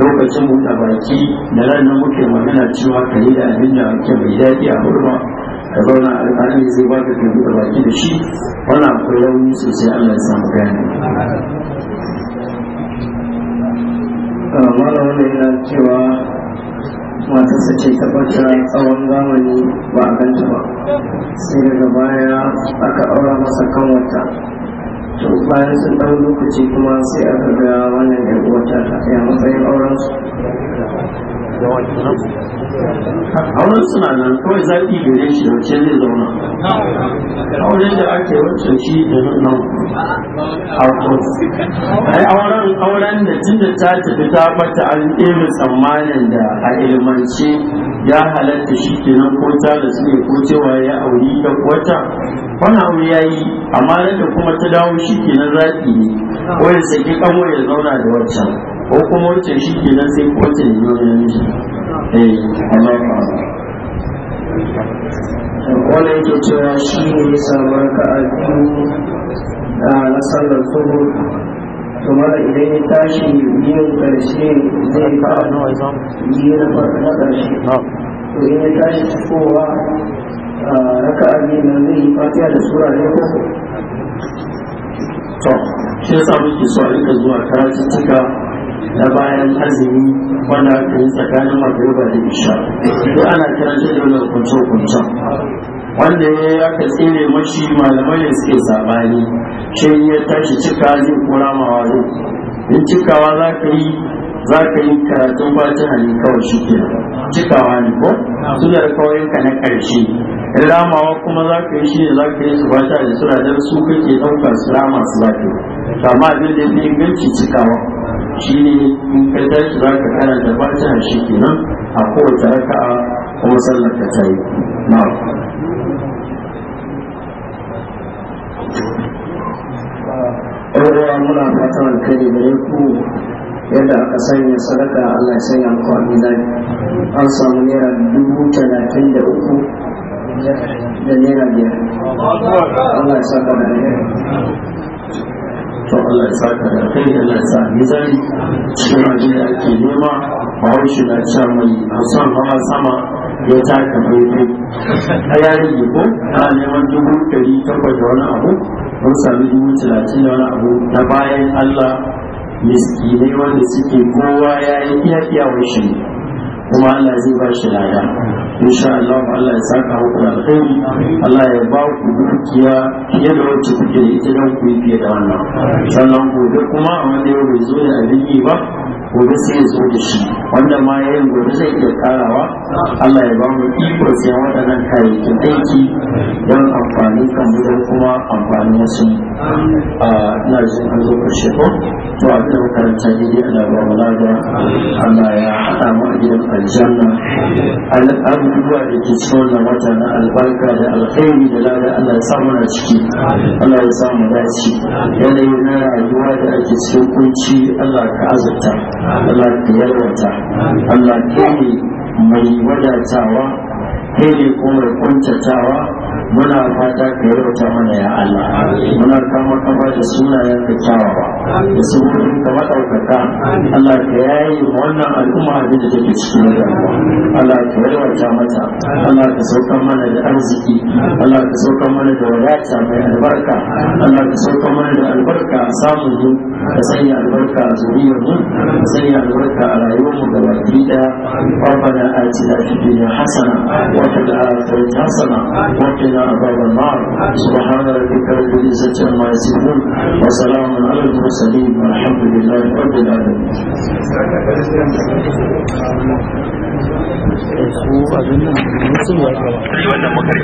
lokacin buɗa baki da ranar muke magana cewa ka da abin da mai daɗi a hurma ka zauna a alƙalin zai ba ka ka baki da shi wani akwai rauni sosai allah ya samu gane ah, mara wanda yana cewa matarsa ce ta ɓata tsawon zamani ba a ganta ba sai daga baya aka aura masa kan wata bayan sun ɗau lokaci kuma sai aka ga wannan yan uwata ta matsayin auren su auren suna nan kawai zafi gare shi da ce zai zauna wajen da ake wancan shi da nan ai auren auren da tun da ta tafi ta bata an ɗebe tsammanin da a ilmance ya halatta shi ke ko ta da su ne ko cewa ya auri da wata wani abu ya yi amma da kuma ta dawo shi nan zafi ne ko ya saki kanwa ya zauna da wancan ko kuma wancan shi ke nan sai wancan yi wajen a yi amurka ba wanda yake cewa shi ne ya ka a biyu na sallar tsoho kuma da idan ya tashi yin karshe zai ka yi na karshe to idan ya tashi cikowa raka a biyu nan zai yi fatiya da sura ne ko to shi ya samu so a rika zuwa karatun cika na bayan azumi wanda aka yi tsakanin magariba da isha to ana shi da wani hukunce wanda ya aka tsere mashi malamai da suke sabani shi ya tashi cika zai kura mawa zai in cikawa za ka yi za ka yi karatun fatiha ne kawai shi ke cikawa ne ko su da kawai ka na ƙarshe ramawa kuma za ka yi shi ne za ka yi su bata da sura don su kake ɗauka su rama su za ka yi amma abin da ya fi inganci cikawa shi ne in ka tashi za ka kara da fatiha shi nan a kowace a kuma sallar ka ta yi na'am muna fatan alkhairi gare ku yadda aka sanya sadaka Allah ya sanya muku a mizani an samu naira dubu talatin da uku da naira biyar Allah ya saka da to Allah ya saka da kai Allah ya sa mizani cikin abin da ake nema ba wai shi na cewa mai hausan hawa sama ya taka daidai a yayin da ko a neman dubu dari takwas da wani abu mun sami dubu talatin da wani abu na bayan Allah miskinai wanda suke kowa ya yi iya iya shi kuma Allah zai ba shi lada insha Allah Allah ya saka da alkhairi Allah ya ba ku dukiya fiye da wacce kuke da ita dan ku fiye da wannan sannan da kuma amma dai yau bai zo da abin yi ba gobe sai ya zo da shi wanda ma ya yin gobe zai iya karawa Allah ya ba mu iko sai waɗannan kayayyakin aiki don amfani kan don kuma amfani wasu a ina jin an zo karshe ko to abin da makaranta daidai ana ba mu lada Allah ya haɗa mu a gidan aljanna abubuwa da ke cikin wannan wata na albarka da alkhairi da lada Allah ya sa mana ciki Allah ya sa mu dace yanayin na rayuwa da ake cikin kunci Allah ka azurta Allah ta yalwata Allah kai yi mai wadatawa kai ne kuma kuntatawa muna fata ka yalwata mana ya Allah muna kama kafa da sunayen ka kyawawa da kuma ka maɗaukaka Allah ka yayi wannan al'umma abin da take cikin rayuwa Allah ka yalwata mata Allah ka sauka mana da arziki Allah ka sauka mana da wadata mai albarka Allah ka sauka mana da albarka samun ka sanya albarka a zuriyar mu ka sanya albarka a rayuwar mu gaba ki a rabbana atina fid dunya hasana wa fil akhirati hasana wa qina adhaban nar subhana rabbika rabbil izzati amma yasifun wa salamun ala al mursalin walhamdulillahi rabbil alamin su abin nan mutum ya